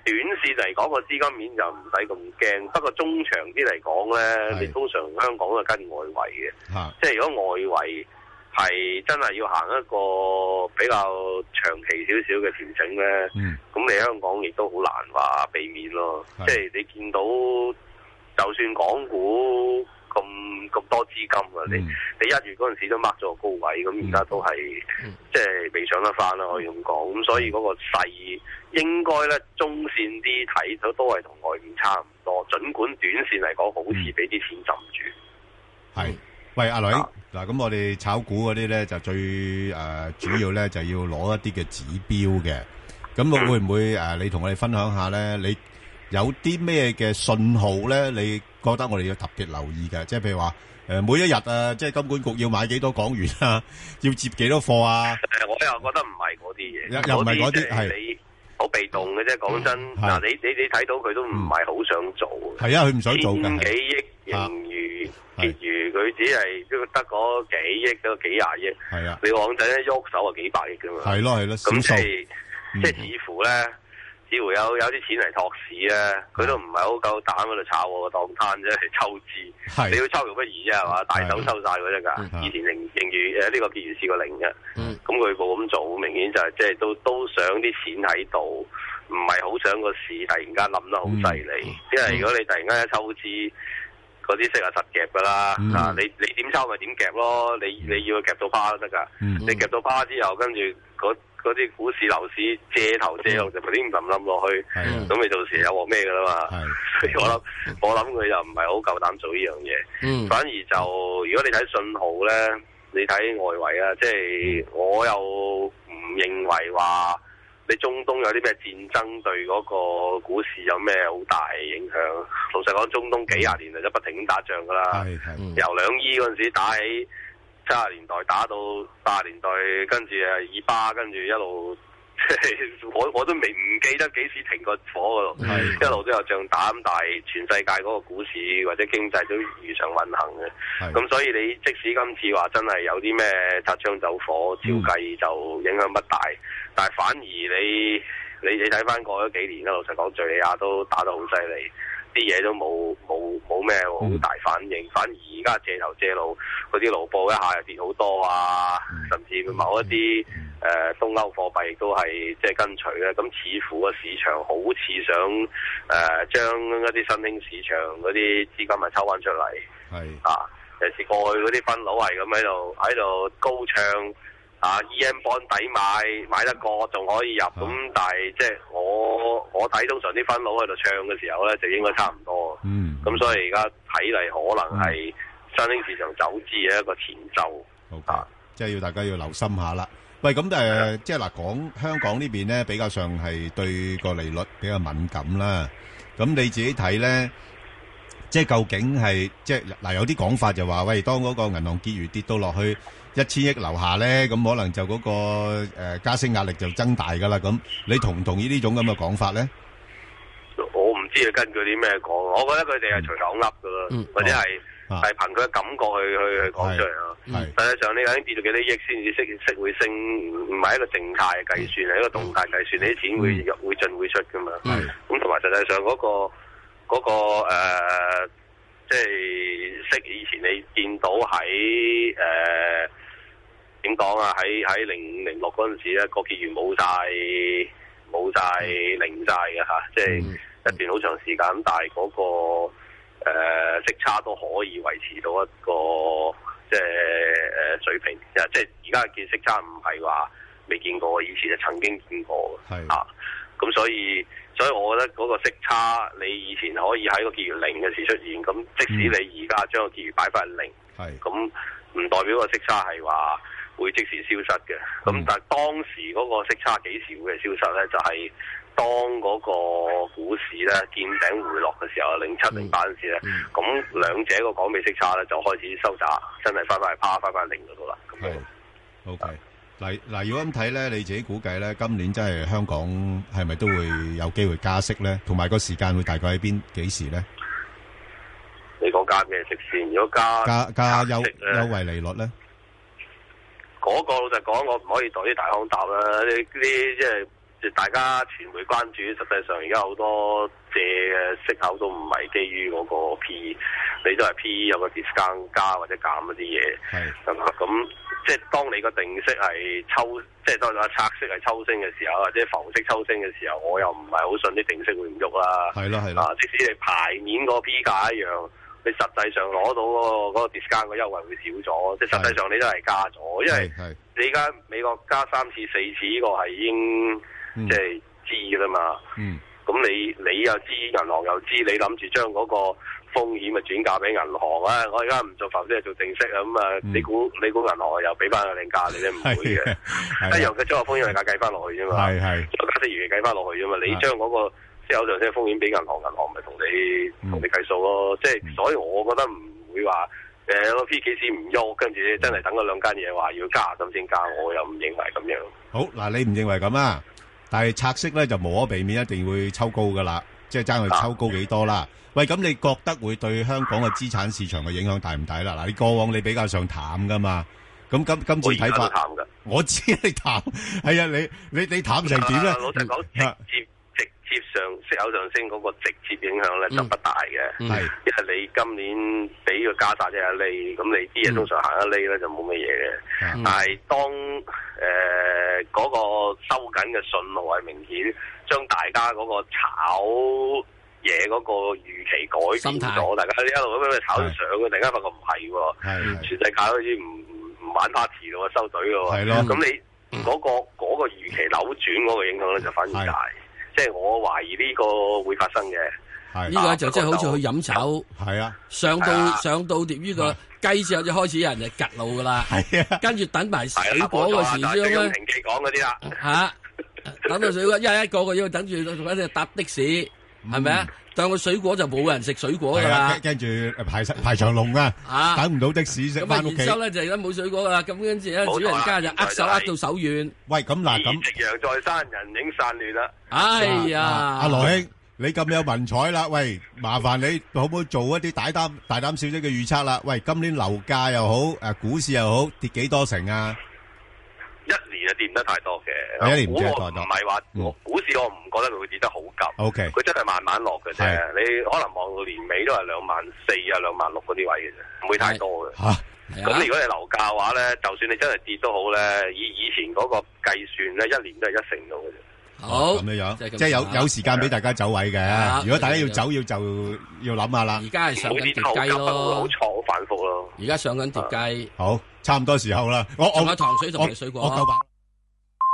短線嚟講個資金面就唔使咁驚，不過中長啲嚟講呢，你的通常香港都係跟外圍嘅，的即係如果外圍係真係要行一個比較長期少少嘅調整呢，咁、嗯、你香港亦都好難話避免咯。的即係你見到，就算港股。咁咁多資金啊、嗯！你你一月嗰陣時都掹咗個高位，咁而家都係、嗯、即係未上得翻啦，可以咁講。咁所以嗰個勢應該咧中線啲睇到都係同外面差唔多，儘管短線嚟講、那個、好似俾啲錢浸住。係、嗯，喂，阿女嗱，咁、啊、我哋炒股嗰啲咧就最誒、呃、主要咧就要攞一啲嘅指標嘅，咁會唔會誒、呃、你同我哋分享下咧？你有啲咩嘅信號咧？你覺得我哋要特別留意嘅，即係譬如話，誒每一日啊，即係金管局要買幾多港元啊，要接幾多貨啊？誒，我又覺得唔係嗰啲嘢，又唔係嗰啲係你好被動嘅啫。講真，嗱你你你睇到佢都唔係好想做嘅。係啊，佢唔想做嘅。千幾億盈餘結餘，佢只係得嗰幾億嗰幾廿億。係啊，你講真，一喐手就幾百億㗎嘛。係咯係咯，咁即係即係，似乎咧。只要有有啲錢嚟托市啊，佢都唔係好夠膽喺度炒我個檔攤啫，係抽資。的你要抽肉不如啫係嘛，大手抽晒佢啲㗎。的以前零仍然誒呢個結餘試過零嘅，咁佢冇咁做，明顯就係、是、即係都都想啲錢喺度，唔係好想個市突然間冧得好犀利。嗯、因為如果你突然間一抽資，嗰啲息係實夾㗎啦、嗯啊。你你點抽咪點夾咯，你你，你要夾到花都得㗎。你夾到花之後，跟住嗰啲股市、樓市借頭借路，就不停咁冧落去，咁、嗯、你到時有鑊咩噶啦嘛？是所以我諗，嗯、我諗佢又唔係好夠膽做呢樣嘢，嗯、反而就如果你睇信號呢，你睇外圍啊，即係、嗯、我又唔認為話你中東有啲咩戰爭對嗰個股市有咩好大影響。老實講，中東幾廿年嚟都不停咁打仗噶啦，嗯嗯、由兩伊嗰陣時打起。七十年代打到八十年代，跟住啊二巴，跟住一路， 我我都未唔記得幾時停過火度、嗯，一路都有仗打。但係全世界嗰個股市或者經濟都如常運行嘅。咁是所以你即使今次話真係有啲咩擦槍走火，照計就影響不大，嗯、但係反而你你你睇翻過咗幾年啦，老實講，敘利亞都打得好犀利。啲嘢都冇冇冇咩好大反應，反而而家借頭借路嗰啲盧布一下又跌好多啊，甚至某一啲誒、呃、東歐貨幣都係即係跟隨咧。咁似乎個市場好似想誒、呃、將一啲新興市場嗰啲資金咪抽翻出嚟，係是啊，尤其是過去嗰啲分佬係咁喺度喺度高唱。啊！EM bond 抵買，買得過仲可以入咁，但係即係我我睇通常啲分佬喺度唱嘅時候咧，就應該差唔多。嗯，咁所以而家睇嚟可能係新興市場走資嘅一個前奏。好啊，即係要大家要留心下啦。喂，咁但誒，即係嗱，講香港呢邊咧比較上係對個利率比較敏感啦。咁你自己睇咧，即係究竟係即係嗱，有啲講法就話，喂，當嗰個銀行結餘跌到落去。一千億樓下咧，咁可能就嗰、那個誒、呃、加息壓力就增大噶啦。咁你同唔同意這種這呢種咁嘅講法咧？我唔知佢根據啲咩講，我覺得佢哋係隨口噏噶咯，嗯、或者係係憑佢嘅感覺去去去講出嚟啊。實際上你睇跌咗幾多億先至息，息會升唔唔係一個靜態計算，係一個動態計算。哦、是你啲錢會入會進會出噶嘛？咁同埋實際上嗰、那個嗰、那個誒，即係、那個那個呃就是、息以前你見到喺誒。呃嗯點講啊？喺喺零五零六嗰陣時咧，個結餘冇晒冇晒零晒嘅吓，即係一段好長時間咁，但係嗰個呃息差都可以維持到一個即係誒水平。即係而家嘅見息差唔係話未見過，以前就曾經見過係是啊。咁所以所以我覺得嗰個息差，你以前可以喺個結餘零嘅時出現，咁即使你而家將個結餘擺翻零係，咁唔代表個息差係話，會即時消失嘅，咁、嗯、但係當時嗰個息差幾時會消失咧？就係、是、當嗰個股市咧見頂回落嘅時候，零七零八嗰陣時咧，咁、嗯、兩者個港美息差咧就開始收窄，真係翻翻去趴翻翻零嗰度啦。O K，嗱嗱，如果咁睇咧，你自己估計咧，今年真係香港係咪都會有機會加息咧？同埋個時間會大概喺邊幾時咧？你講加咩息先？如果加加加優優惠利率咧？嗰個老實講，我唔可以代啲大行答啦。呢啲即係大家傳媒關注，實際上而家好多借嘅息口都唔係基於嗰個 P，你都係 P 有個 discount 加或者減一啲嘢，係咁是、嗯、即係當你個定息係抽，即係當你話拆息係抽升嘅時候，或者浮息抽升嘅時候，我又唔係好信啲定息會唔喐啦。係啦係啦，即使你排面個 P 價一樣。你實際上攞到嗰個嗰個 discount 個優惠會少咗，即係實際上你都係加咗，因為你而家美國加三次四次呢個係已經即係知啦嘛。咁、嗯嗯、你你又知銀行又知，你諗住將嗰個風險咪轉嫁俾銀行啊？我而家唔做浮息，做定息啊咁啊！你估、嗯、你估銀行又俾翻個定價你咧唔會嘅，一樣嘅將個風險利價計翻落去啫嘛。係係，加息完計翻落去啫嘛。你將嗰個有兩隻風險俾銀行，銀行咪同你同你計數咯。即係所以，我覺得唔會話誒 PKC 唔喐，跟住真係等嗰兩間嘢話要加咁先加。我又唔認為咁樣。好嗱，你唔認為咁啊？但係拆息咧就無可避免，一定會抽高噶啦。即係爭佢抽高幾多啦？喂，咁你覺得會對香港嘅資產市場嘅影響大唔大啦？嗱，你過往你比較上淡噶嘛？咁今今次睇法淡嘅，我知你淡。係啊，你你你淡成點咧？老實講。上息口上升嗰個直接影響咧就不大嘅，因為你今年俾個加煞隻阿利，咁你啲嘢通常行得利咧就冇乜嘢嘅。但係當誒嗰個收緊嘅信號係明顯將大家嗰個炒嘢嗰個預期改變咗，大家一路咁樣去炒上嘅，突然間發覺唔係喎，全世界好似唔唔玩 party 喎，收隊喎，咁你嗰個嗰個預期扭轉嗰個影響咧就反而大。即係我懷疑呢個會發生嘅，呢個的、啊、就即係好似去飲酒，係啊有，上到有上到碟呢的、這個雞之後的就開始有人嚟夾路噶啦，係啊的，跟住等埋水果嗰時咁吓、 啊，等到水果一 一個個要等住，或者搭的士。係咪啊？但個水果就冇人食水果噶啦，跟住排排長龍啊，等唔到的士先翻屋企。咁啊，然之後咧就而家冇水果啦。咁跟住咧，主人家就握手握到手軟。喂，咁嗱，咁。夕陽在山，人影散亂啦。哎呀，阿羅兄，你咁有文采啦？喂，麻煩你可唔可以做一啲大膽大膽少少嘅預測啦？喂，今年樓價又好，誒，股市又好，跌幾多成啊？而跌唔得太多嘅，我唔係話股市我唔覺得佢會跌得好急。O K，佢真係慢慢落嘅啫。係啊，你可能望到年尾都係兩萬四啊、兩萬六嗰啲位嘅啫，唔會太多嘅。嚇，咁如果你樓價嘅話咧，就算你真係跌都好咧，以以前嗰個計算咧，一年都係一成到嘅啫。好咁樣，即係有有時間俾大家走位嘅。如果大家要走，要就要諗下啦。而家係上緊碟雞咯，好錯，好反覆咯。而家上緊碟雞。好，差唔多時候啦。我我糖水就。水